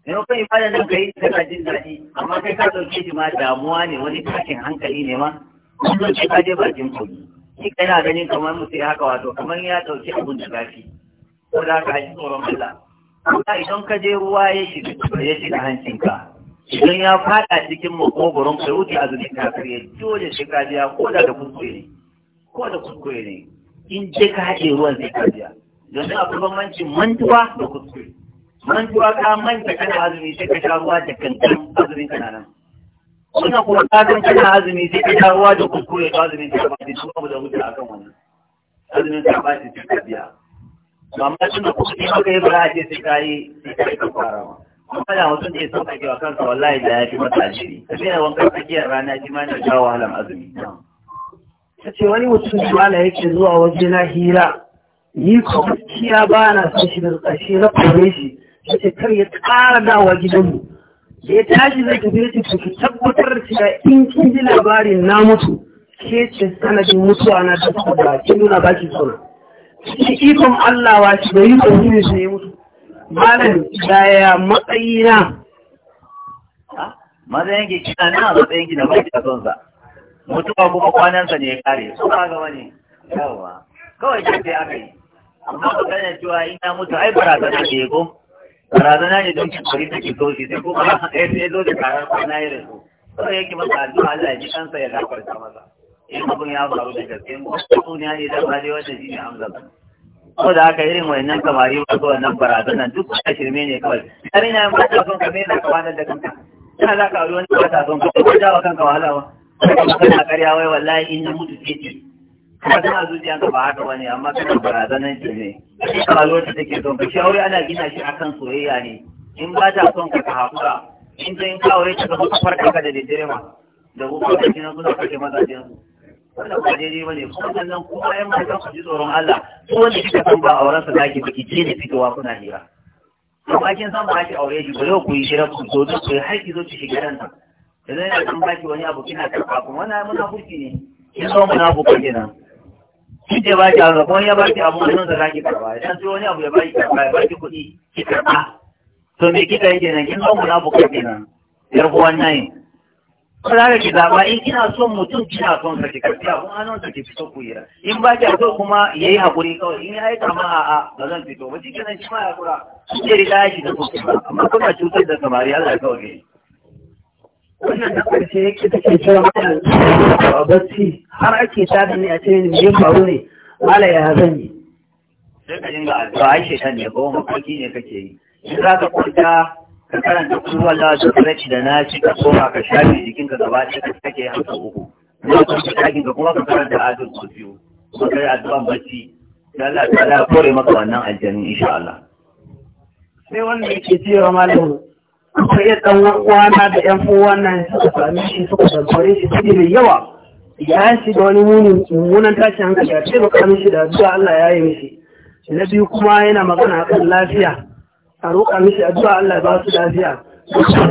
maimakon ibada nan ka yi kana jin daɗi amma kai ka ɗauke shi ma damuwa ne wani tashin hankali ne ma kun ɗauke ka je bakin kogi shi kana ganin kamar mutum ya haka wato kamar ya ɗauki abun da zafi ko da ka haji tsoron Allah kuma idan ka je ruwa ya shiga ya shiga hancinka idan ya faɗa cikin makogoron ka wuce a zuci ka kare dole sai ka biya ko da da kuskure ne ko da kuskure ne in je ka haɗe ruwan sai ka biya don akwai bambancin mantuwa da kuskure mantuwa ka manta kana azumi sai ka sha ruwa da kankan azumin kana nan wannan kuma kasan san kana azumi sai ka sha ruwa da kuskure ka azumin ka ba da kuma da mutu akan wannan azumin ka bashi shi ka biya to amma tun da yi ba kai bara ce sai ka yi sai ka yi ka fara ma amma da mutum ne sauka ke wa kansa wallahi da ya fi mata alheri ka daina wankan tsakiyar rana shi ma ne jawo wahalan azumi ta ce wani mutum mala yake zuwa waje na hira ni kuma gaskiya ba na son shi da ƙarshe na kore shi ya ce kar ya tsara dawa gidanmu da ya tashi zai tafi ya ce tabbatar cewa in kin ji labarin na mutu ke ce sanadin mutuwa na da saboda kin nuna baki sona cikin ikon Allah wa shi da yi ne shi ya mutu malam da ya matsayi na matsayin yanke kina na matsayin ki da baki da sonsa mutuwa kuma kwanansa ne ya kare su ba ga wani yawa kawai ke aka yi amma ba ganin cewa ina mutu ai barazana ke ko barazana ne don cin kwari take so sai kuma ba ɗaya sai zo da karar kwana ya rasu kawai yake masa addu'a Allah ya ji kansa ya gafarta masa in abin ya faru da gaske mu suniya ne da ba dai wanda shi ne hamza ko da haka irin wayannan kamari ko wannan barazana duk wata shirme ne kawai har ina yin mata son ka me za da kanka ina za ka aure wani mata son ka ko da kanka wahala wa kana karya wai wallahi in na mutu ce kuma tana zuciyanka ba haka ba ne, amma kana barazanan ce ne a lokacin ke son ka shauri ana gina shi akan soyayya ne in ba ta son ka ka hakura in ta yi kawai ta zama farka ka da daddare ma da kuma da jinin suna kashe mazajen su wannan ba daidai ba ne kuma sannan kuma yan matan ku ji tsoron Allah ko wanda kika san ba auren sa zaki baki ce ne fitowa kuna hira amma kin san ba ki aure shi ba yau ku yi hira ku zo ku har ki zo ki shiga nan idan yana san baki wani abu kina karɓa kuma wannan munafurci ne kin zo munafurci kenan shi ce ba ki abu wani ya ba ki abu nan da zaki karba idan sai wani abu ya ba ki karba ya ba ki kuɗi ki karba to me kika yi kenan kin san munafuka kenan yar uwan nan Kara ki zaɓa in kina son mutum kina son sa ki karfi abun hannun sa ki fito ku kuyira in ba ki so kuma yayi hakuri kawai in ya aika ma a'a ba zan fito ba shi kenan shi ma ya kura shi riga shi shiga sosai ba amma kuna cutar da samari Allah ya kawai wannan da ƙarshe yake take cewa malam a bacci har ake tada ne a ce ne me faru ne mala ya zan yi sai ka dinga addu'a ai shaitan ne ko mafarki ne kake yi in za ka kwanta ka karanta kuwa la da tsarki da na ci ka koma ka shafe jikinka gaba ce ka sake hanka uku ne ka ci ɗakin ka kuma ka karanta addu'a ku biyu kuma kai addu'an bacci da Allah ta kore maka wannan aljanin insha Allah sai wanda yake cewa malam akwai ɗan uwana da ƴan uwan nan suka sami shi suka dabbare shi suke mai yawa ya shi da wani munin mummunan tashin hankali ya ce baka mishi da addu'a Allah ya yi mishi na biyu kuma yana magana akan lafiya a roƙa mishi addu'a Allah ya ba su lafiya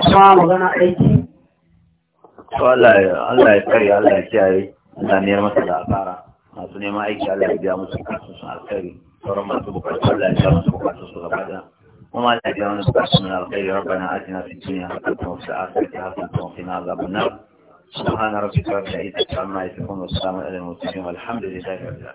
kuma magana aiki to Allah ya Allah ya kare Allah ya kiyaye Allah ne masa da afara masu neman aiki Allah ya biya musu kasu sun alkhairi sauran masu bukatu Allah ya biya musu bukatu su gaba da وما تجعلنا بأس من الخير ربنا آتنا في الدنيا حسنة وفي الآخرة حسنة وقنا عذاب النار سبحان ربك رب العزة عما يصفون والسلام على المرسلين والحمد لله رب العالمين